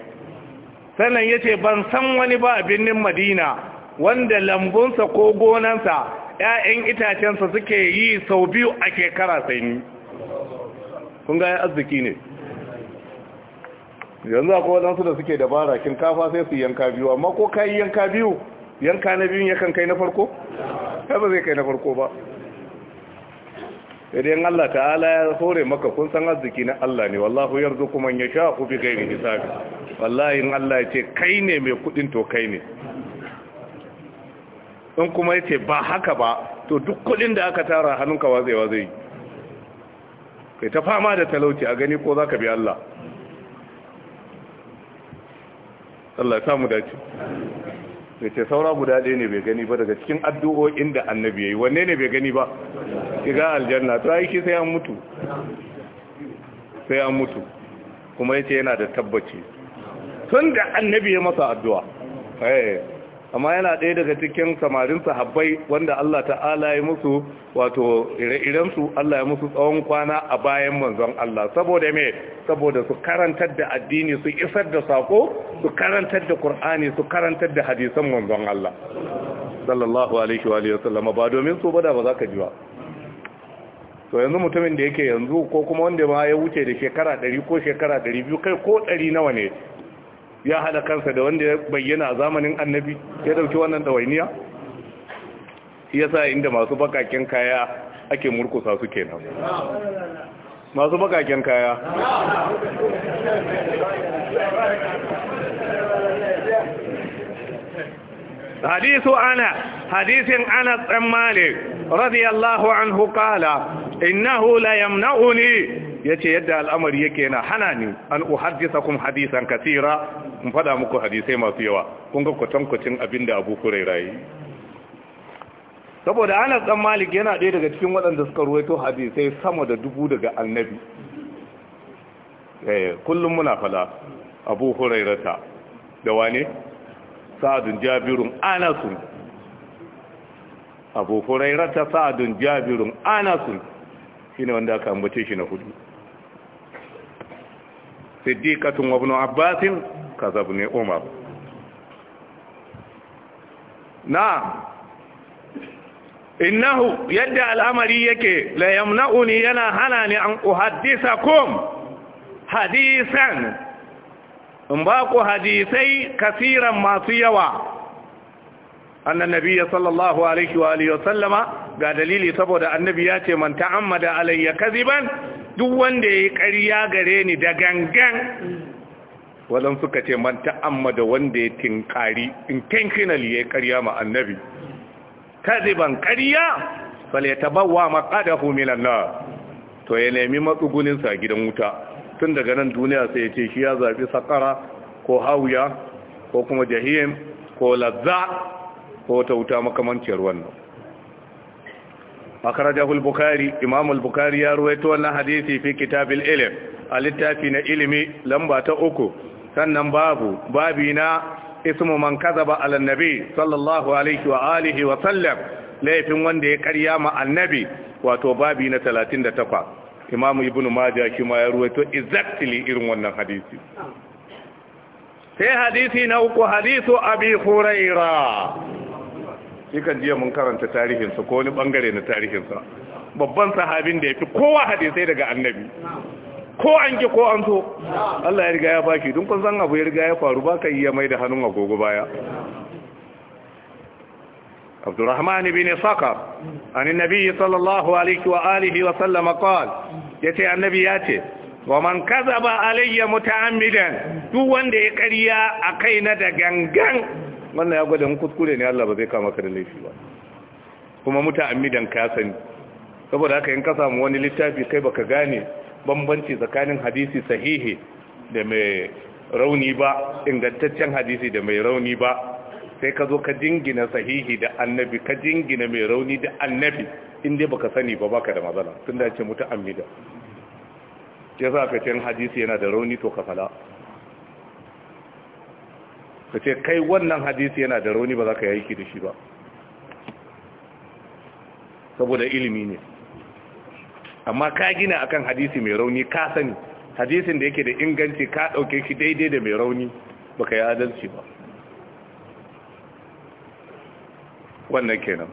sannan ya ce ban san wani ba a birnin madina wanda lambunsa ko gonansa 'ya'yan itacensa suke yi sau biyu a shekara sai ni kun ga arziki ne yanzu akwai waɗansu da suke dabara shinkafa sai su yanka biyu amma ko ka yi yanka biyu yanka na biyun yakan kai na farko? ba zai kai na farko ba idan Allah ta'ala ya hore maka kun san arziki na Allah ne wallahu ya man ku bi gairi hisabi wallahi Allah ya ce kai ne mai kudin to kai ne in kuma ya ce ba haka ba to duk kudin da aka tara hannunka wazai-wazai, kai ta fama da talauci a gani ko zaka bi Allah Allah ya samu dace ya ce saura guda ɗaya ne bai gani ba daga cikin addu'o'in da annabi yayi yi wanne ne bai gani ba shiga aljanna to ai shi sai an mutu sai an mutu kuma yace yana da tabbaci tunda annabi ya masa addu'a eh amma yana ɗaya daga cikin samarin sahabbai wanda Allah ta'ala ya musu wato ire-iren su Allah ya musu tsawon kwana a bayan manzon Allah saboda me saboda su karantar da addini su isar da sako su karantar da Qur'ani su karantar da hadisan manzon Allah sallallahu alaihi wa alihi ba domin su bada ba za ka ji ba to yanzu mutumin da yake yanzu ko kuma wanda ma ya wuce da shekara ɗari ko shekara ɗari biyu kai ko ɗari nawa ne ya haɗa kansa da wanda ya bayyana a zamanin annabi ya ɗauki wannan ɗawainiya yasa inda masu bakaken kaya ake murkusa su kenan masu bakaken kaya hadisu ana hadisin ana tsammali radiyallahu anhu kala innahu la yamna'uni yace yadda al'amari yake na hana ni an uhaddithakum hadisan katira Mun fada muku hadisai masu yawa kun ga kwatankwacin abinda Abu Hurairah saboda Anas dan Malik yana ɗaya daga cikin waɗanda suka ruwaito hadisai sama da dubu daga Annabi eh kullum muna fada Abu Hurairata da wane sa'adun jabirun anasun abu rata sa'adun jabirun anasun ne wanda aka ambace shi na hudu siddiqatun wa ibn abbasin kaza ibn umar Inna innahu yadda al'amari yake la yamna'uni yana hana ni an uhaddisa kom hadisan in ba ku hadisai kasiran masu yawa annan ya sallallahu alaihi wa alihi wasallama ga dalili saboda annabi ya ce man ta'ammada alayya kaziban duk wanda yayi ƙarya gare ni da gangan wadan suka ce man ta'ammada wanda ya tinkari intentionally yayi ƙarya ma annabi kaziban ƙarya falyatabawwa maqadahu minan nar to ya nemi matsugunin sa gidan wuta tun daga nan duniya sai ya ce shi ya zaɓi sakara ko hauya ko kuma jahim ko lazza ko ta wuta makamanciyar wannan akarajahu al-bukhari imam al-bukhari ya ruwaito wannan hadisi fi kitab ilim a littafi na ilimi lamba ta uku sannan babu babi na ismu man kazaba ala nabi sallallahu alaihi wa alihi wa sallam laifin wanda ya karya ma annabi wato babi na 38 imamu ibn majah shi ma ya ruwaito exactly irin wannan hadisi sai hadisi na uku hadisu abi huraira shi jiya mun karanta tarihinsa ko wani bangare na tarihinsa babban sahabin da ya fi kowa hadisai daga annabi ko an ki ko an so Allah ya riga ya bashi, don kun san abu ya riga ya faru ba kai ya mai da hannun agogo baya Abdurrahman ibn Saqar an annabi sallallahu alaihi wa Ya ce annabi ya ce wa man kazaba alayya muta'ammidan duk wanda ya ƙarya a kaina da gangan wannan ya gwada kuskure ne Allah ba zai kama ka da laifi ba kuma muta'ammidan ka sani saboda haka in ka samu wani littafi kai baka gane bambanci tsakanin hadisi sahihi da mai rauni ba ingantaccen hadisi da mai rauni ba sai ka zo ka jingina sahihi da annabi ka jingina mai rauni da annabi in dai baka sani ba baka da matsala tun da ce mutu amida ya sa ka ce hadisi yana da rauni to ka fala ka ce kai wannan hadisi yana da rauni ba za ka yi da shi ba saboda ilimi ne amma ka gina akan hadisi mai rauni ka sani hadisin da yake da inganci ka ɗauke shi daidai da mai rauni baka yi adalci ba wannan kenan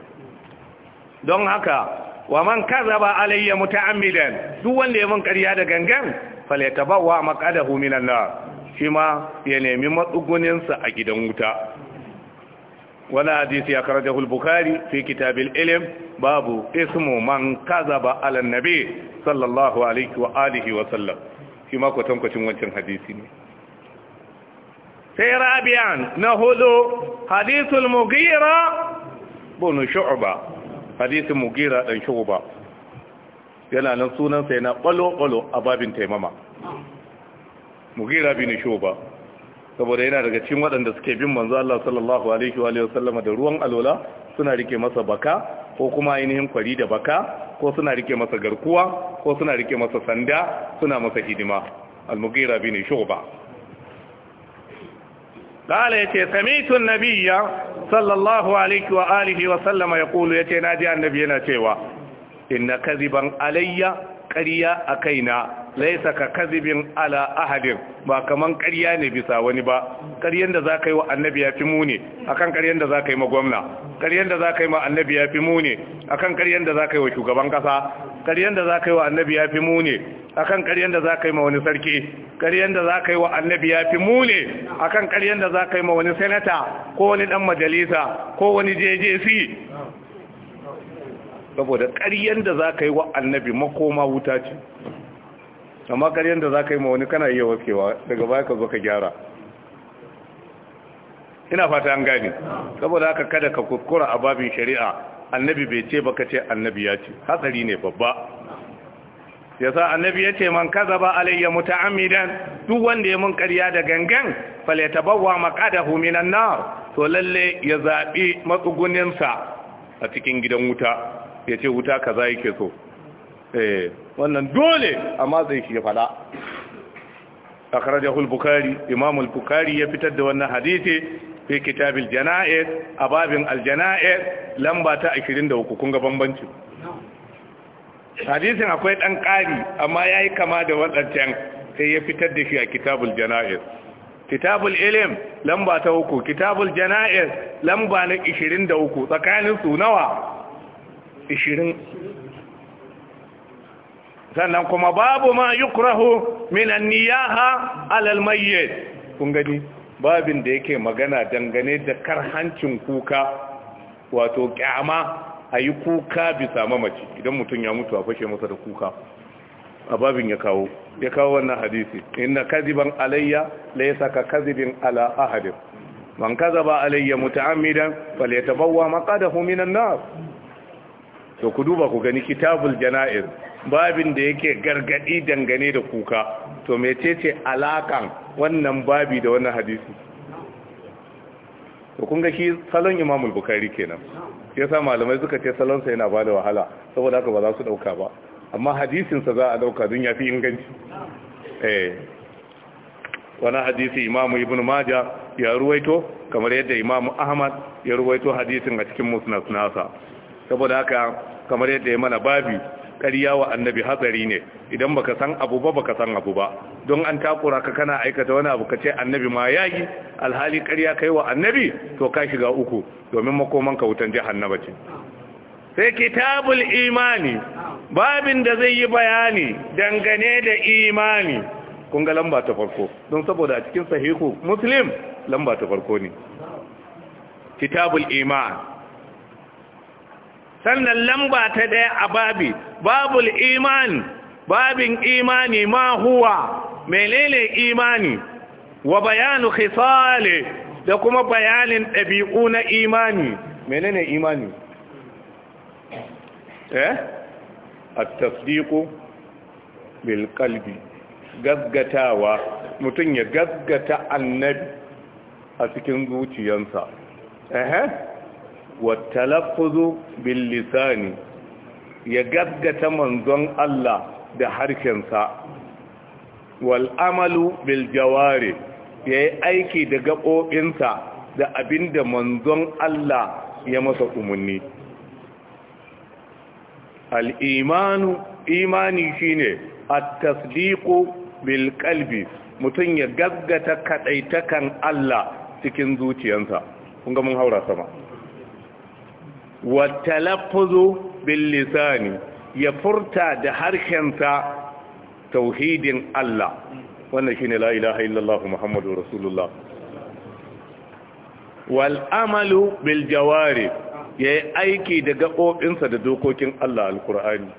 don haka wa man kazaba alayya muta'ammidan duk wanda ya mun ƙarya da gangan falyatabawa maqadahu minan nar shi ma ya nemi matsugunin sa a gidan wuta wala hadisi ya karajahu al-bukhari fi kitab al-ilm babu ismu man kazaba ala nabi sallallahu alaihi wa alihi wa sallam shi ma ko tankacin wancan hadisi ne sai rabi'an na hudu hadithul mughira bunu shu'ba hadisin mugira dan shuba yana nan sunansa yana ɓalo-ɓalo a babin taimama mugira bin shuba saboda yana daga cikin waɗanda suke bin manzo Allah sallallahu alaihi wa sallama da ruwan alola suna rike masa baka ko kuma ainihin kwari da baka ko suna rike masa garkuwa ko suna rike masa sanda suna masa hidima al-mugira bin shuba yace samitu an-nabiyya sallallahu alaihi wa alihi wa sallama ya kulu ya ce na ji annabi yana cewa inna kaziban alayya ƙarya a kaina laisa ka kazibin ala ahadin ba kaman ƙarya ne bisa wani ba ƙaryan da za ka yi wa annabi ya fi muni kan ƙaryan da za ka yi ma gwamna ƙaryan da za ka yi ma annabi ya fi muni kan ƙaryan da za ka yi wa shugaban ƙasa ƙaryan da za ka yi wa annabi ya fi muni kan ƙaryan da za ka yi ma wani sarki ƙaryan da za ka yi wa annabi ya fi muni kan ƙaryan da za ka yi ma wani senata ko wani ɗan majalisa ko wani jjc saboda ƙaryan da za ka yi wa annabi makoma wuta ce amma karyar da za ka yi ma wani kana iya warkewa daga baya ka zo ka gyara ina fata an gane saboda haka kada ka kuskura a babin shari'a annabi bai ce ba ka ce annabi ya ce hatsari ne babba ya sa annabi ya ce man kazaba alayya muta'ammidan duk wanda ya mun karya da gangan ta bawa maqadahu minan nar to lalle ya zabi sa a cikin gidan wuta ya ce wuta kaza yake so Eh, wannan dole amma zai shi ya fada akhrajahu al-bukhari imam al Bukari ya fitar da wannan hadithi, fi kitabil jana'ir janaiz babin aljana'ir lamba ta 23 kun ga bambanci Hadithin akwai dan kari amma ya yi kama da wadancan sai ya fitar da shi a kitabul janaiz kitabul ilim lamba ta 3 kitabul janaiz lamba na 23 tsakanin su nawa 20 sannan kuma babu ma yukrahu min niyaha alal mayyit kun gani babin da yake magana dangane da karhancin kuka wato kyama ayi kuka bisa mamaci idan mutum ya mutu a fashe masa da kuka a babin ya kawo ya kawo wannan hadisi inna kadiban alayya laysa ka kadibin ala ahad man kadaba alayya muta'ammidan falyatabawwa maqadahu minan nar to ku duba ku gani kitabul janaiz babin da yake gargadi dangane da kuka to mecece alakan wannan babi da wannan hadisi to kun ga shi salon imamul bukari kenan sa malamai suka ce salonsa yana ba da wahala saboda haka ba za su dauka ba amma hadisinsa za a dauka don ya fi inganci eh wani hadisi imamu ibn maja ya ruwaito kamar yadda imamu ahmad ya ruwaito hadisin a cikin musnad nasa saboda haka kamar yadda ya mana babi ƙarya wa annabi hatsari ne idan baka san abu ba baka san abu ba don an takura ka kana aikata wani abu kace annabi ma yayi alhali ƙarya kai wa annabi to ka shiga uku domin makoman ka wutan jahannama ce sai kitabul imani babin da zai yi bayani dangane da imani kun ga lamba ta farko don saboda a cikin sahihu muslim lamba ta farko ne kitabul iman sannan lamba ta ɗaya a babi babul imani babin imani ma huwa menene imani wa bayanu khisale da kuma bayanin ɗabi'u na imani menene imani eh at-tasdiqu bil qalbi gaggatawa mutum ya gaggata annabi a cikin zuciyarsa eh watalaffuzu bil lisani ya gaggata manzon Allah da harshensa Wal'amalu amalu bil jawari yayi aiki da gabobinsa da abinda manzon Allah ya masa umunni al imanu imani shine at-tasdiqu bil qalbi mutun ya gaggata kaɗaitakan Allah cikin zuciyarsa kun mun haura sama wa talaffuzu bil lisani ya furta da harshensa tauhidin Allah wannan shine la ilaha illallah muhammadu rasulullah wal amalu bil jawari yayi aiki da gaɓoɓinsa da dokokin Allah alqur'ani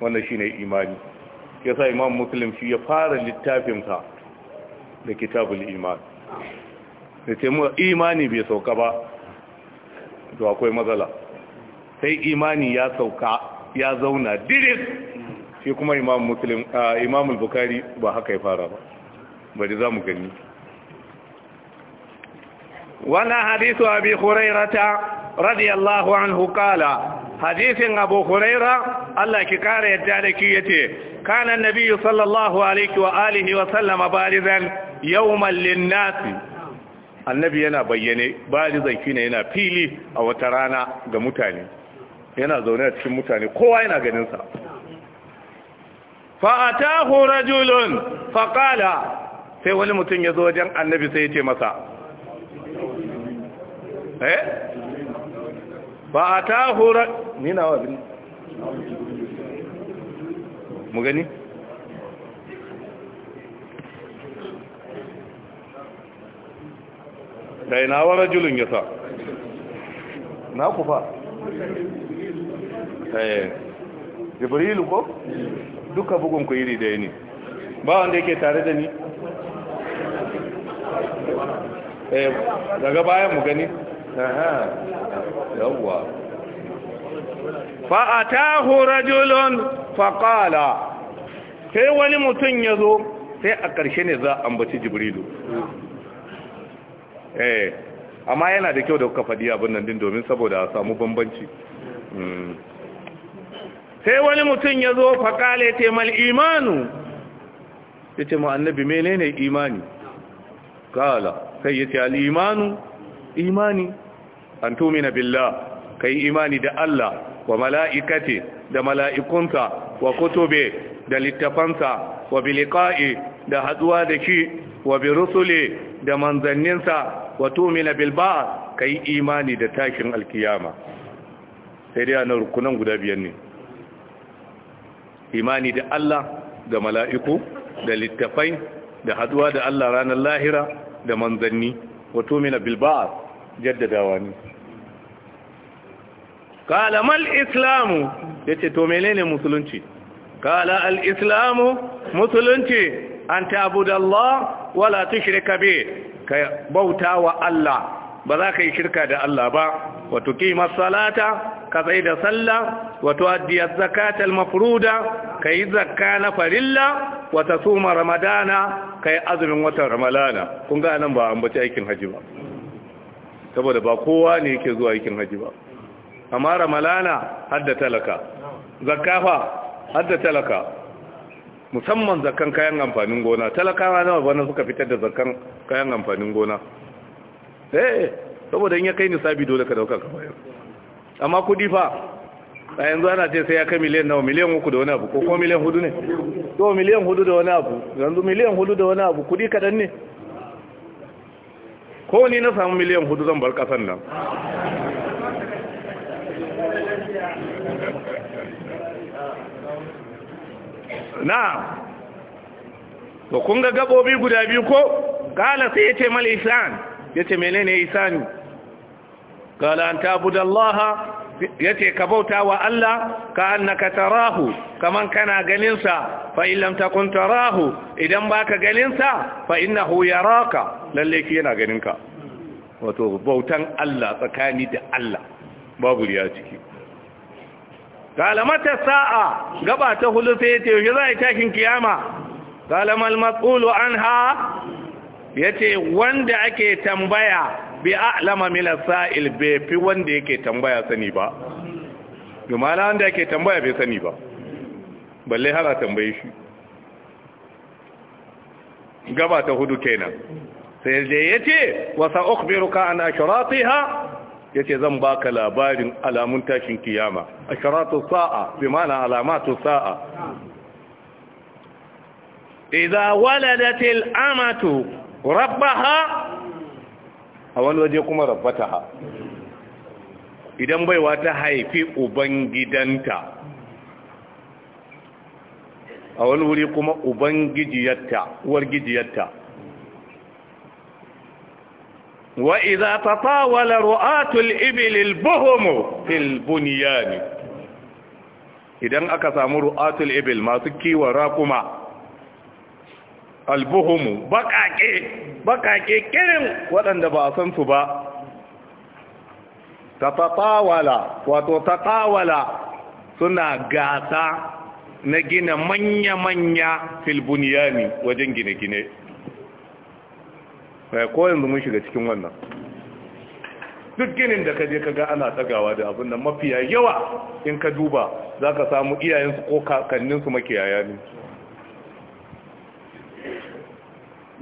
wannan shine imani yasa imam muslim shi ya fara littafinsa da kitabul iman da ce mu imani bai sauka ba to akwai matsala sai imani ya sauka ya zauna diris shi kuma imam muslim imam bukhari ba haka ya fara ba za mu gani wala hadisu abi hurairata radiyallahu anhu kala, hadisin abu huraira Allah ki kara yadda da ki yace kana nabiyyu sallallahu alaihi wa alihi wa sallama barizan yawman lin-nasi annabi yana bayyane ba barizan ne yana fili a wata rana ga mutane yana zaune a cikin mutane kowa yana ganin sa fa atahu rajulun fa qala sai wani mutum ya zo wajen annabi sai ya ce masa eh fa atahu ni na wa mu gani Kai ina wa rajulun ya sa na ku fa eh. jibrilu ko duka bugun ku iri da ne ba wanda yake tare da ni eh, daga bayan mu gani yawwa fa'atahu rajulun faƙala sai wani mutum ya zo sai a ƙarshe ne za a ambaci jibrilu eh amma yana da kyau da kuka faɗi abin nan din domin saboda a samu bambanci hmm. sai wani mutum ya zo faƙale taimal imanu ya ce ma'annabi menene imani kala sai ya ce al'imanu imani an billa. Ka yi imani da Allah wa mala'ikati da mala'ikunta wa kutube da littafansa wa biliqa'i da haɗuwa da shi wa bi da manzanninsa wa tu'mina bilba ba'th yi imani da tashin alkiyama sai dai na rukunan guda biyan ne imani da Allah da mala'iku da littafai da haduwa da Allah ranar lahira da manzanni wa tu'mina bilba jaddadawa ne kala mal islamu yace to menene musulunci kala al islamu musulunci an da Allah wala tushrika bih ka bauta wa Allah ba za ka yi shirka da Allah ba wato kimar salata ka tsaye da sallah wato addiyar zakatal mafruda ka yi zakka na farilla wata suma ramadana ka yi azumin watan ramalana kun ga nan ba an bace aikin haji ba saboda ba kowa ne yake zuwa aikin haji ba amma ramalana hadda talaka zakkafa hadda talaka musamman zakan kayan amfanin gona talakawa nawa bana suka fitar da zakan kayan amfanin gona eh saboda in ya kai nisabi dole ka dauka ka bayar amma kudi fa a yanzu ana ce sai ya kai miliyan nawa miliyan uku da wani abu ko ko miliyan hudu ne to miliyan hudu da wani abu yanzu miliyan hudu da wani abu kudi kadan ne ko ni na samu miliyan hudu zan bar kasan nan na to kun ga gabobi guda biyu ko kala sai yace mal ihsan yace menene isani kala an ta'budu Allah yace ka bauta wa Allah ka annaka tarahu kaman kana ganinsa sa fa tarahu idan baka ganin sa fa innahu yaraka lalle ki yana ganin wato bautan Allah tsakani da Allah babu riya ciki kalamata sa'a gaba ta hulu sai ya ce yaushe za a yi tashin kiyama kalamal matsulu an ha ya ce wanda ake tambaya bi a'lama milar sa'il bai fi wanda yake tambaya sani ba jumala wanda yake tambaya bai sani ba balle har a tambaye shi gaba ta hudu kenan sai da ya ce wasa ana an ha? yace zan baka labarin alamun tashin kiyama asharatu sa'a bi ma'ana alamatu sa'a idza waladatil amatu rabbaha a wani waje kuma ha. idan baiwa ta haifi ubangidanta a wani wuri kuma ubangijiyarta uwargijiyarta wa idza tatawala ru'atul ibil albuhum fil bunyan idan aka samu ru'atul ibil masu kiwon rakuma albuhum bakake bakake kirin waɗanda ba san su ba tatatawala wato tatawala suna gasa na gina manya-manya filbuniyami wajen gine-gine ko yanzu mun shiga cikin wannan duk ginin da ka je ka ga ana tsagawa da abin nan mafiya yawa in ka duba zaka samu iyayensu ko kakanninsu makiyaya ne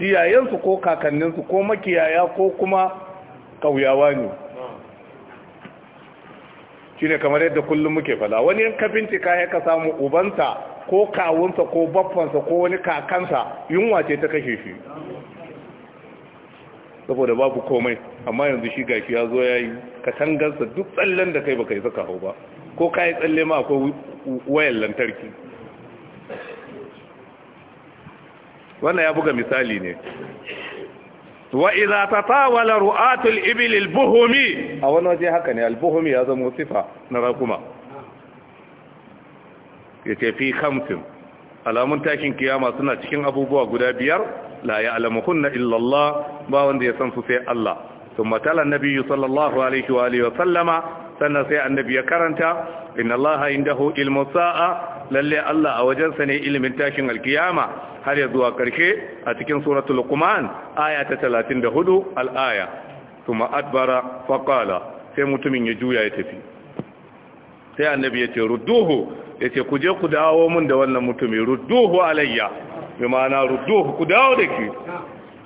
iyayensu ko kakanninsu ko makiyaya ko kuma kauyawa ne shine kamar yadda kullum muke fada wani in ka bincika ya ka samu ubanta ko kawunsa ko baffansa ko wani kakansa yunwa ce ta kashe shi saboda babu komai amma yanzu shi gashi ya zo ya yi katangarsa duk tsallen da kai baka yi saka hau ba ko ka tsalle ma akwai wayan lantarki wannan ya buga misali ne wa idza tatawala ru'atu al-ibil al-buhumi a wani waje haka ne Albuhumi ya zama sifa na rakuma yake fi kamtin alamun takin kiyama suna cikin abubuwa guda biyar la ya'lamuhunna illa illallah ba wanda ya san su sai Allah thumma na biyu sallallahu alaihi wa wa sallama sannan sai annabi ya karanta inna Allah indahu ilmu sa'a lalle Allah a wajensa ne ilimin tashin alkiyama har ya zuwa karshe a cikin suratul luqman aya ta da hudu al'aya. kuma adbara faqala sai mutumin ya juya ya tafi sai annabi ya ce rudduhu ya ce ku je ku dawo mun da wannan mutumin rudduhu alayya bi ma'ana rudduhu ku dawo da ke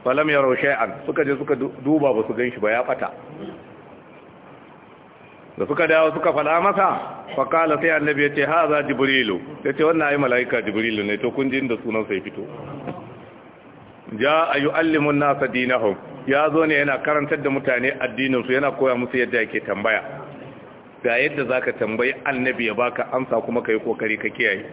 falam yaro shay'an suka je suka duba ba su gan shi ba ya fata da suka dawo suka fada masa faƙala sai annabi ya ce ha za jibrilu ya ce wannan ayi mala'ika jibrilu ne to kun ji inda sunan sai fito ja a yi allimun nasa dinahun ya zo ne yana karantar da mutane addininsu yana koya musu yadda yake tambaya ga yadda ka tambayi annabi ya baka amsa kuma ka yi kokari ka kiyaye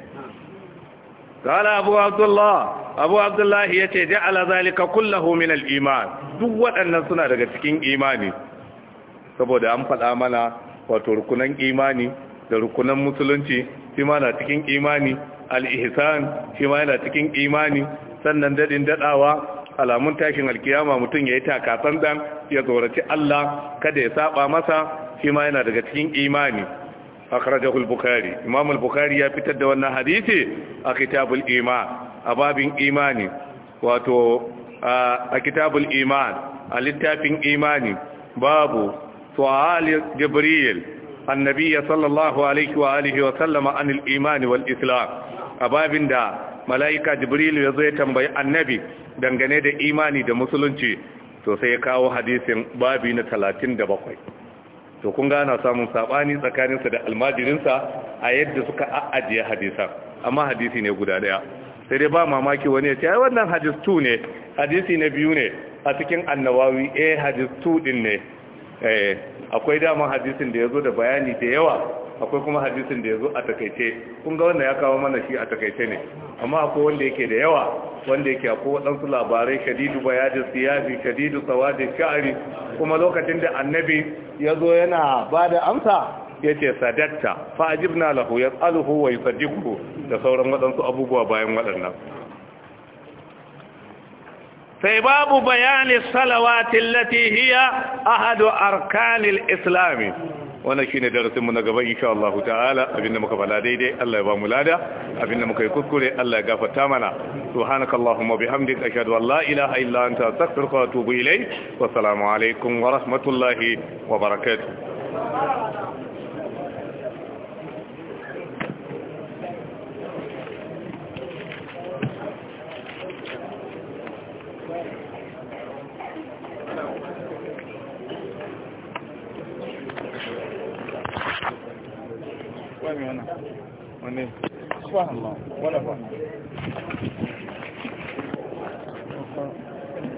qala abu abdullahi abu ce ji ala zalika kullahu min al’iman iman duk waɗannan suna daga cikin imani saboda an faɗa mana wato rukunan imani da rukunan musulunci shi ma na cikin imani al shi ma yana cikin imani sannan daɗin daɗawa, alamun tashin alkiyama mutum ya yi takasan ɗan ya tsoraci Allah kada ya saba masa shi ma yana daga cikin imani akhrajahu al-bukhari imam al-bukhari ya fitar da wannan hadisi a kitabul iman a babin imani wato a kitabul iman a littafin imani babu su'al jibril annabi sallallahu alaihi wa alihi wa sallama anil imani wal islam a babin da mala'ika jibril ya zo ya tambayi annabi dangane da imani da musulunci to sai ya kawo hadisin babi na 37 to kun gana samun sabani tsakaninsa da almajirinsa a yadda suka ajiye hadisan amma hadisi ne guda daya sai dai ba mamaki wani ya ce ai wannan hadis 2 ne hadisi na biyu ne a cikin annawawi eh hadis 2 din ne eh akwai daman hadisin da yazo da bayani da yawa akwai kuma hadisin da ya zo a takaice kun ga wanda ya kawo mana shi a takaice ne amma akwai wanda yake da yawa wanda yake akwai waɗansu labarai shadidu bayadi siyafi shadidu sawadi sha'ari kuma lokacin da annabi ya zo yana ba da amsa ya ce sadatta ajibna lahu ya tsaluhu wa yusaddiquhu da sauran waɗansu abubuwa bayan waɗannan sai babu bayani salawatin lati hiya ahadu arkanil islami wannan shine darasinmu na gaba insha Allah ta'ala abinda muka fada daidai Allah ya ba mu lada abinda muka yi kuskure Allah ya gafarta mana subhanakallahumma bihamdika ashhadu an la ilaha illa anta astaghfiruka wa atubu ilayk wa assalamu alaikum wa rahmatullahi wa barakatuh wọ́n ni wọ́n náà wọ́n ni